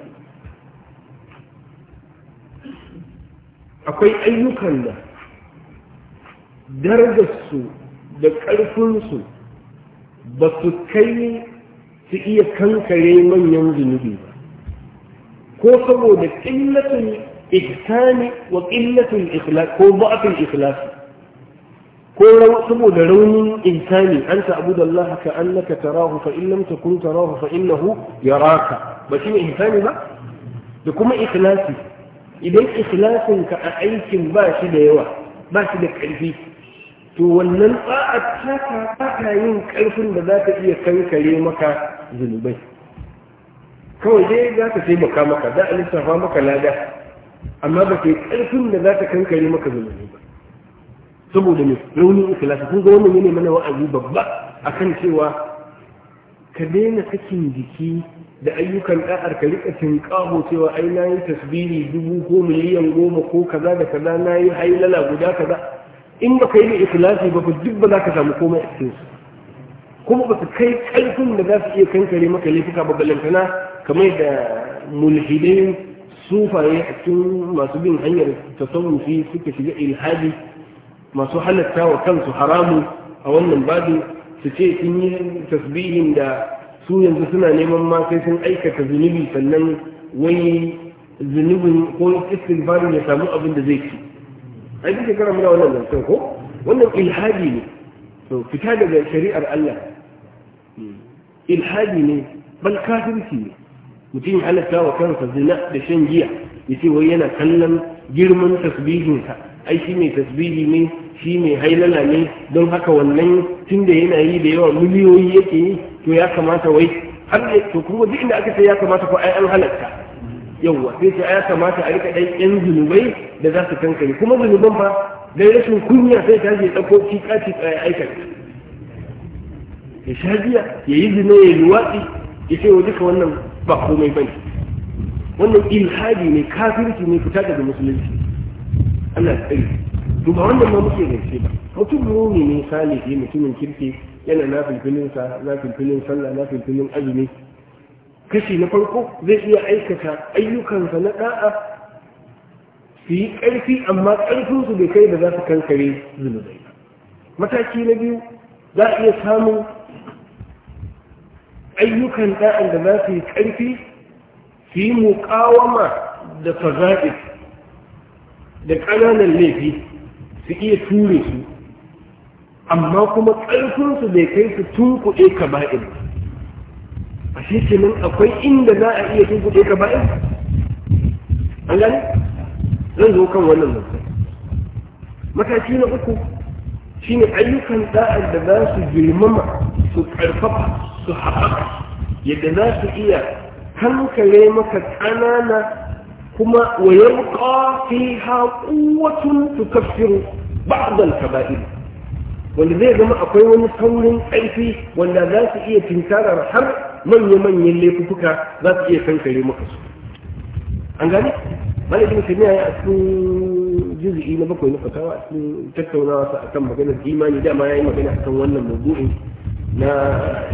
Speaker 2: akwai ayyukan da darajarsu da ƙarfinsu ba su kai su iya kankare manyan zunubi ba ko saboda ƙillatin ihsani wa qillatul ikhlas ko ba'atul ikhlas ko saboda raunin insani anta abudallah ka annaka tarahu fa in lam takun tarahu fa innahu yaraka ba shi ihsani ba da kuma ikhlasi idan ikhlasin ka a aikin ba shi da yawa bashi da karfi to wannan ba'a taka taka yin karfin da zata ta iya kankare maka zunubai kawai dai za ta taimaka maka za a lissafa maka lada amma ba ta yi ƙarfin da za ta kankare maka zunubi ba saboda ne raunin ikilasa kun ga wannan yana mana wa'azi babba kan cewa ka daina sakin jiki da ayyukan ɗa'ar ka rika cewa ai na yi tasbiri dubu ko miliyan goma ko kaza da kaza na yi hailala guda kaza in ba ka yi da ikhlasi ba duk ba za ka samu komai a kuma ba su kai ƙarfin da za su iya kankare maka laifuka ba balantana kamar da mulhidai sufaye a masu bin hanyar tasawufi suka shiga ilhadi masu halatta wa kansu haramu a wannan babu su ce sun yi tasbihin da su yanzu suna neman ma sai sun aikata zunubi sannan wai zunubin ko istighfarin ya samu abin da zai ci ai duk shekara muna wannan zancen ko wannan ilhadi ne to fita daga shari'ar Allah hmm. ilhadi ne bal kafirci ne mutum ya halatta wa kansa zina da shan giya ya ce wai yana kallon girman tasbihinsa ai shi mai tasbihi ne shi mai hailala ne don haka wannan tun da yana yi da yawa miliyoyi yake yi to ya kamata wai har ne to kuma duk inda aka ce ya kamata ko ai an halatta yawwa sai ce ya kamata a rika dai yan zunubai da za su kankare kuma zunuban fa da rashin kunya sai ta je ɗauko ki kaci tsaye aikata ya sha jiya ya yi zina ya yi luwaɗi ya ce wa duka wannan ba komai bane wannan ilhadi ne kafirci ne fita daga musulunci Allah tsari duba wannan ma muke gaishe ba mutum mumi ne salihi mutumin kirki yana na filfilin sa na filfilin sallah na filfilin azumi kashi na farko zai iya aikata ayyukansa na da'a su yi ƙarfi amma ƙarfinsu bai kai da za su kankare zunubai mataki na biyu za a iya samun ayyukan da'an da za su yi ƙarfi su yi muƙawama da fazaɗi da ƙananan laifi su iya ture su amma kuma ƙarfinsu bai kai su tun kuɗe ka ba'in a shekinan akwai inda za a iya tun kuɗe ka ba'in an gani zan zo kan wannan mutum mataki na uku shine ayyukan da'ar da za su girmama su ƙarfafa su haɓaka yadda za su iya hankare maka ƙanana kuma wayar ƙafi haƙuwatun su kafiru ba'adal iri, wanda zai zama akwai wani saurin ƙarfi wanda za su iya tinkarar har manya-manyan laifuka za su iya kankare maka su an gane malakin kimiyya ya cikin juzi'i na bakwai na fatawa a cikin tattaunawa a kan maganar imani dama ya yi magana kan wannan mabu'in na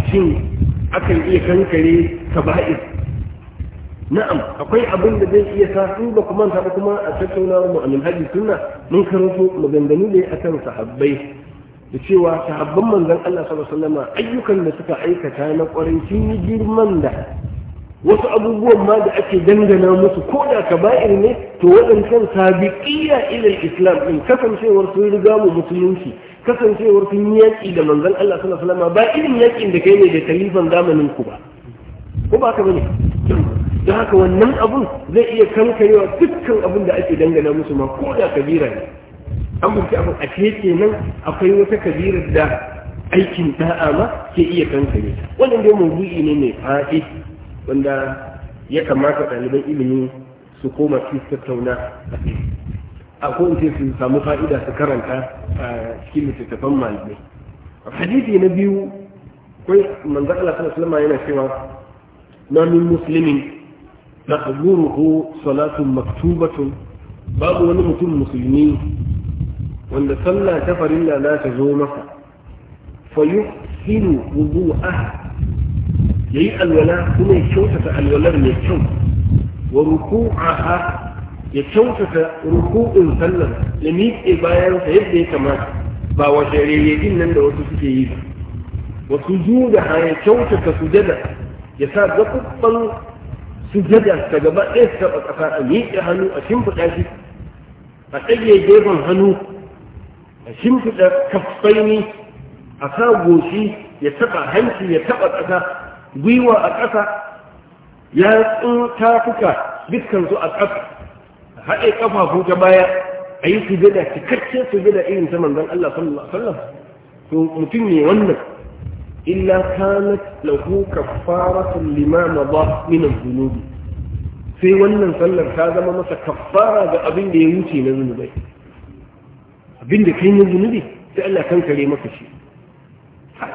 Speaker 2: shin akan iya kankare kaba'ir na'am akwai abin da zai iya sa su ba kuma ta kuma a tattaunawar mu amin suna sunna mun karanto maganganu ne akan sahabbai da cewa sahabban manzon Allah sallallahu alaihi wasallam ayyukan da suka aikata na ƙwarin sun yi girman da wasu abubuwan ma da ake dangana musu ko da kaba'ir ne to waɗancan sabiqiyya ila islam din kasancewar sun riga mu musulunci kasancewar sun yi yaƙi da manzon Allah sallallahu alaihi ba irin yaƙin da kai ne da kalifan zamanin ku ba ko ba ka bane don haka wannan abun zai iya kankarewa dukkan abun da ake dangana musu ma ko da kabira ne an mutu abin a kenan akwai wata kabirar da aikin da'a ma ke iya kankare wannan dai mawdu'i ne mai faɗi wanda ya kamata ɗaliban ilimi su koma su tattauna a a ko su samu fa'ida su karanta a cikin littattafan malamai hadisi na biyu kai manzo Allah sallallahu alaihi yana cewa na min muslimin tahzuruhu salatun maktubatun babu wani mutum musulmi wanda sallah ta farilla na ta zo masa fa yuhsinu wudu'ah yayi alwala kuma ya kyautata alwalar mai kyau wa ruku'aha ya kyautata ruku'in sallar ya miƙe bayansa yadda ya kamata ba wa shari'ayyajin nan da wasu suke yi ba wa sujuda ha ya kyautata sujada ya sa gaɓuɓɓan sujada ta gaba ɗaya su taɓa ƙasa a miƙe hannu a shimfiɗa shi a ɗage gefen hannu a shimfiɗa kaffaini a sa goshi ya taɓa hanci ya taɓa ƙasa gwiwa a ƙasa ya tsin tafuka dukkan su a ƙasa haɗe ƙafafu ta baya a yi sujada cikakken sujada irin ta manzon Allah sallallahu alaihi wasallam to mutum ne wannan illa kanat lahu kaffaratun lima madha min adh-dhunub sai wannan sallar ta zama masa kaffara ga abin da ya wuce na zunubai abin da kai na zunubi sai Allah kan kare maka shi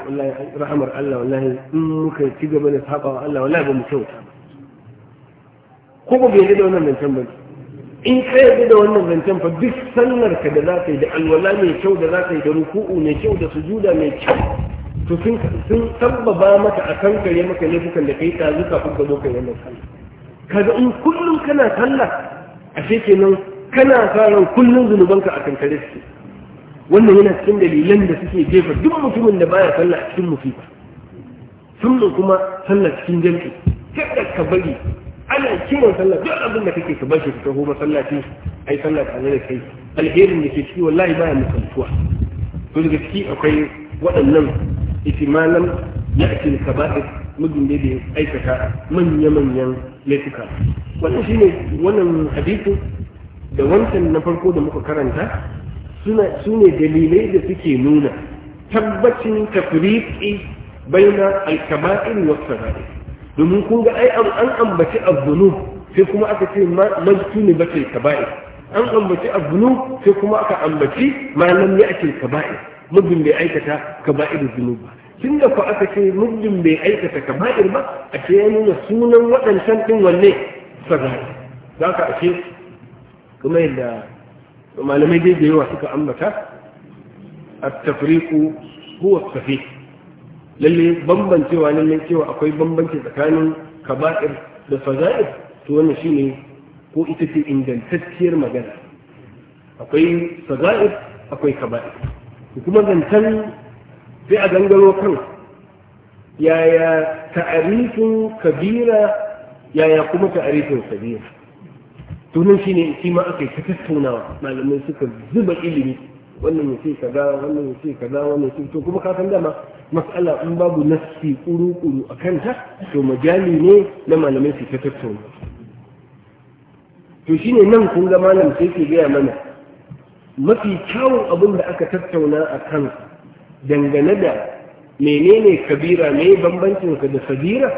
Speaker 2: wallahi rahamar Allah wallahi in muka ci gaba da saba wa Allah wallahi ba mu kyauta ba ko ba bai da wannan nan can bane in ka yi da wannan zancen fa duk sallar ka da za yi da alwala mai kyau da za yi da ruku'u mai kyau da sujuda mai kyau to sun sun sabbaba maka a kan kare maka laifukan da kai ta zuka fuka zo kai sallah kaga in kullum kana sallah ashe kenan kana sa ran kullum zunubanka a kare su wannan yana cikin dalilan da suke jefa duk mutumin da baya sallah a cikin musiba sunnan kuma sallah cikin jami'i kada ka bari ana kiran sallah duk abin da kake ka bashi ka taho masallaci ai sallah ta da kai alherin da ke ciki wallahi baya mutuntuwa to daga ciki akwai waɗannan itimalan ya'ti kaba'ir mijin da ya aikata manya-manyan laifuka wannan shi ne wannan hadisi da wancan na farko da muka karanta su ne dalilai da suke nuna tabbacin tafriqi baina alkaba'in wasu wa domin kun ga ai an ambaci abunu sai kuma aka ce mazku ne bace kaba'i an ambaci abunu sai kuma aka ambaci malam ne ake kaba'i muddin bai aikata kaba'ir zunub ba da ku aka ce muddin bai aikata kaba'ir ba a ce ya nuna sunan waɗancan ɗin wanne sagari za ka ashe kuma yadda malamai dai da yawa suka ambata at-tafriqu huwa as lalle bambancewa lalle cewa akwai bambanci tsakanin kaba'ir da faza'ir to wannan shine ko ita ce ingantacciyar magana akwai faza'ir akwai kaba'ir kuma zancen sai a gangaro kan yaya ta'arifin kabira yaya kuma ta'arifin to nan shine shi ma aka yi ta tattaunawa malamai suka zuba ilimi wannan ya ce kaza wannan ya ce kaza wannan ya ce to kuma ka san dama matsala in babu nassi kuru-kuru a kanta to majali ne na malamai su ta tattauna to shine nan kun ga malam sai ke gaya mana mafi kyawun abin da aka tattauna a kan dangane da menene kabira ne bambancinsa da sabira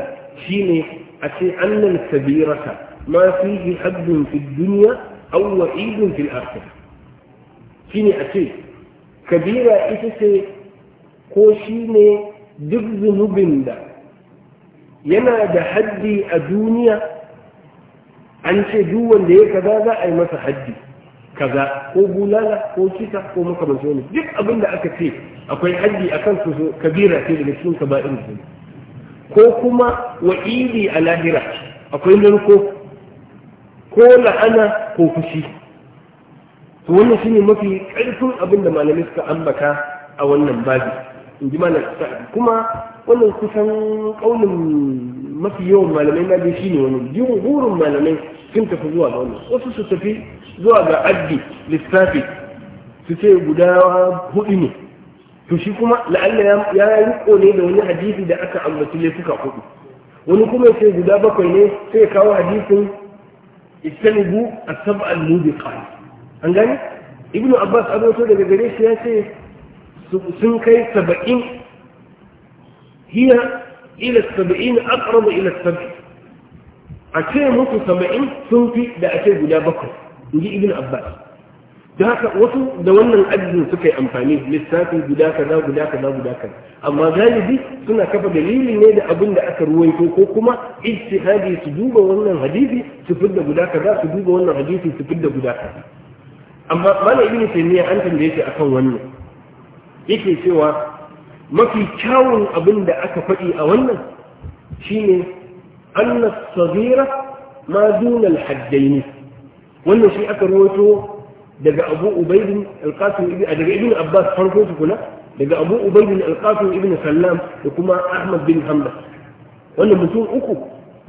Speaker 2: shine a ce annan sabirata ما فيه fi duniya الدنيا أو وعيد shine a ce Kabira ita ce. ko shi ne duk zunubin da yana da haddi a duniya an ce duk wanda ya kaza za a yi masa haddi kaza ko bulala ko kisa ko makamancin wani duk abin da aka ce akwai haddi a kan su kabira ce daga cikin kaba'in su ko kuma wa'idi a lahira akwai narko ko la'ana ko fushi to wannan shine mafi karfin abin da malamai suka ambata a wannan babi in ji malam sa'adi kuma wannan kusan kaunin mafi yawan malamai na dai shine wani jumhurin malamai sun tafi zuwa ga wannan wasu su tafi zuwa ga addi lissafi su ce guda hudu ne to shi kuma la'alla ya yi ne da wani hadisi da aka ambaci laifuka hudu wani kuma sai guda bakwai ne sai ya kawo hadisin istanibu asab al-mubiqat an gani ibnu abbas so daga gare shi ya ce sun kai saba'in hiya ila saba'in aqrabu ila saba'in a ce musu saba'in sun fi da ake guda bakwai in ji ibn abbas da haka wasu da wannan adadin suka yi amfani lissafi guda kaza guda kaza guda kaza amma galibi suna kafa dalilin ne da abin da aka ruwaito ko kuma ijtihadi su duba wannan hadisi su fidda guda kaza su duba wannan hadisi su fidda guda kaza amma malam ibn taymiya an tambaye shi akan wannan yake cewa mafi kyawun abin da aka faɗi a wannan shine annas saghira ma dunal hajjaini wannan shi aka rawaito daga Abu Ubayd al ibn daga Ibn Abbas farko su kula daga Abu Ubayd al ibn Sallam da kuma Ahmad bin Hanbal wannan mutum uku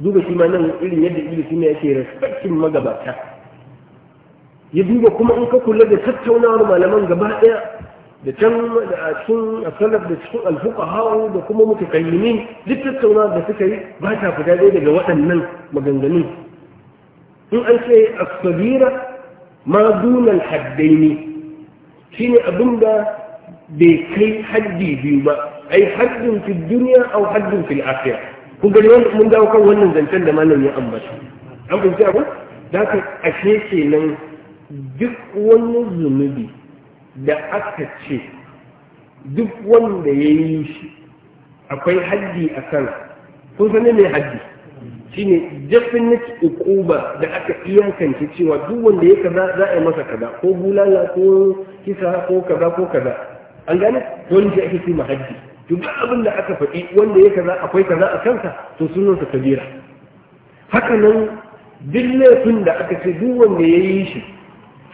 Speaker 2: duba shi ma nan irin yadda Ibn Sina yake respectin magabata ya duba kuma in ka kula da tattaunawar malaman gaba daya لكم لكن أصلب الفقهاء لكم متقيمين لتتكونا بسكي باتا فتادي لجواء النن مجنجنين إن أنت الصغيرة ما دون الحدين شيني أبن دا بكي حدي بيبا أي حد في الدنيا أو حد في الآخرة كنت لأن من دا وكو ونن زنتان ما لن يأمش أبن تأبن ذاك أشيسي لن دقوان الزمبي da aka ce duk wanda ya yi shi akwai haddi a kan kun sani mai haddi Shi shine definite ukuba da aka iyakance cewa duk wanda ya kaza za a yi masa kaza ko bulala ko kisa ko kaza ko kaza an gane wani shi ake cima haddi duk abin da aka faɗi wanda ya kaza akwai kaza a kansa to sunansa kabira haka nan duk laifin da aka ce duk wanda ya yi shi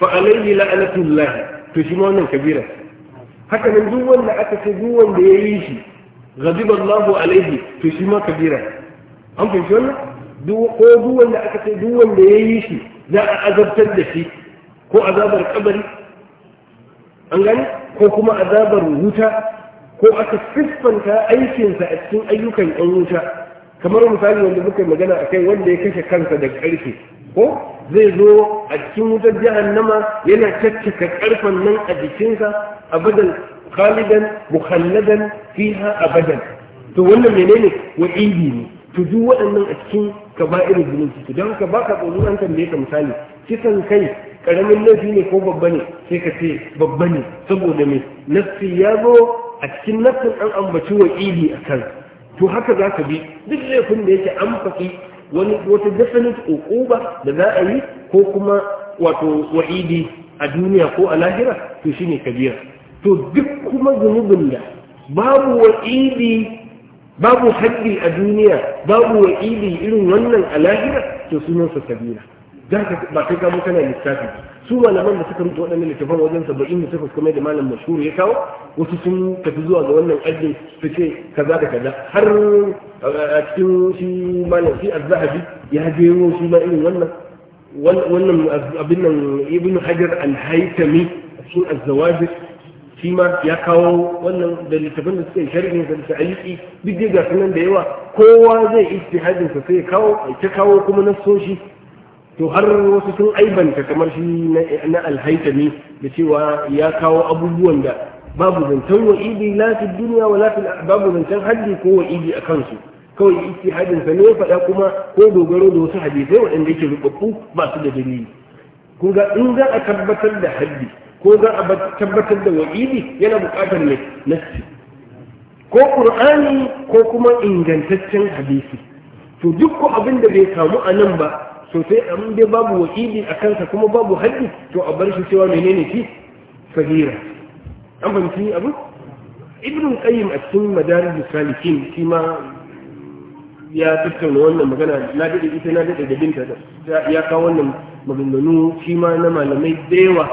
Speaker 2: fa alayhi la'anatullahi to shi ma wannan kabira haka nan duk wanda aka ce duk wanda ya yi shi ghadiba Allahu alaihi to shi ma kabira an fahimci wannan duk ko duk wanda aka ce duk wanda ya yi shi za a azabtar da shi ko azabar kabari an gani ko kuma azabar wuta ko aka siffanta aikinsa a cikin ayyukan yan wuta kamar misali wanda muka magana a kai wanda ya kashe kansa da karfe ko zai zo a cikin wutar jahannama yana caccaka karfan nan a jikinsa abadan khalidan mukhalladan fiha abadan to wannan menene wa'idi ne to duk waɗannan a cikin kaba'ir zunubi to don ka baka tsoro an tambaye ka misali kisan kai karamin laifi ne ko babba ne sai ka ce babba ne saboda me nafsi ya zo a cikin nafsin an ambaci wa'idi a kan to haka za ka bi duk laifin da yake an faɗi wani wata definite uquba da za a yi ko kuma wato wa'idi a duniya ko a lahira to shine kabira to duk kuma zunubin da babu wa'idi babu haddi a duniya babu wa'idi irin wannan a lahira to sunansa kabira dan ba kai ka mutana lissafi su malaman da suka rubuta waɗannan littafan wajen saba'in da takwas kamar da malam mashhur ya kawo wasu sun tafi zuwa ga wannan ajin su ce kaza da kaza har a cikin shi malam shi az-zahabi ya jero shi ma irin wannan wannan abin nan ibn hajar al-haytami cikin az-zawajir shi ma ya kawo wannan da littafin da suka yi sharhin da ta'aliki duk dai ga sunan da yawa kowa zai ijtihadin sa sai kawo ta kawo kuma nasoshi to har wasu sun aibanta kamar shi na alhaitami da cewa ya kawo abubuwan da babu zancen wa'idi la fi duniya wa la fi babu zancen haddi ko wa'idi a kansu kawai iki hadin sa ne ya faɗa kuma ko dogaro da wasu hadisai waɗanda yake rubabbu ba su da dalili kun ga in za a tabbatar da haddi ko za a tabbatar da wa'idi yana buƙatar ne nassi ko qur'ani ko kuma ingantaccen hadisi to duk ko abin da bai samu a nan ba so sai an bi babu wakili a kansa kuma babu haƙƙi to a bar shi cewa menene shi fahira an fahimci abu ibn qayyim a cikin madarij salikin shi ma ya tattauna wannan magana na dade ita na dade da binta ya kawo wannan maganganu shi ma na malamai da yawa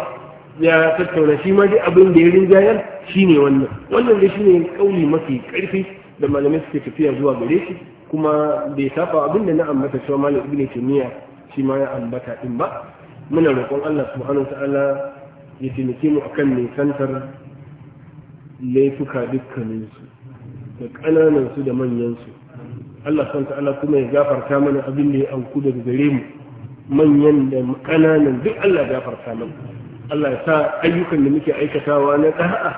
Speaker 2: ya tattauna shi ma dai abin da ya rinjayar shine wannan wannan shi shine kauli mafi karfi da malamai suke tafiya zuwa gare shi kuma bai saba abin da na ambata cewa malam ibn timiya shi ma ya ambata din ba muna roƙon Allah subhanahu ta'ala ya taimake mu akan nisantar laifuka dukkaninsu da ƙananan su da manyan su Allah subhanahu ta'ala kuma ya gafarta mana abin da ya auku daga gare mu manyan da ƙananan duk Allah ya gafarta mana Allah ya sa ayyukan da muke aikatawa na ɗa'a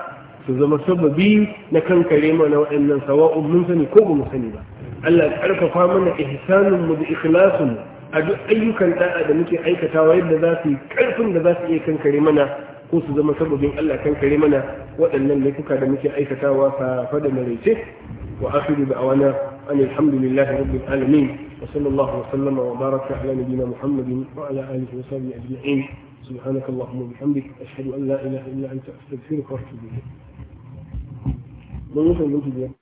Speaker 2: su zama sababi na kankare mana waɗannan sawa'un mun sani ko ba mu sani ba Allah ya karfafa mana ihsanin mu da ikhlasin a duk ayyukan da'a da muke aikatawa yadda za su yi karfin da za su iya kankare mana ko su zama sababin Allah kankare mana waɗannan laifuka da muke aikatawa safa da maraice wa akhiru da awana an alhamdulillahi rabbil alamin wa sallallahu wa sallama wa baraka ala nabiyyina muhammadin wa ala alihi wa sahbihi ajma'in سبحانك اللهم وبحمدك أشهد أن لا إله إلا أنت أستغفرك وأتوب إليك. من يفهم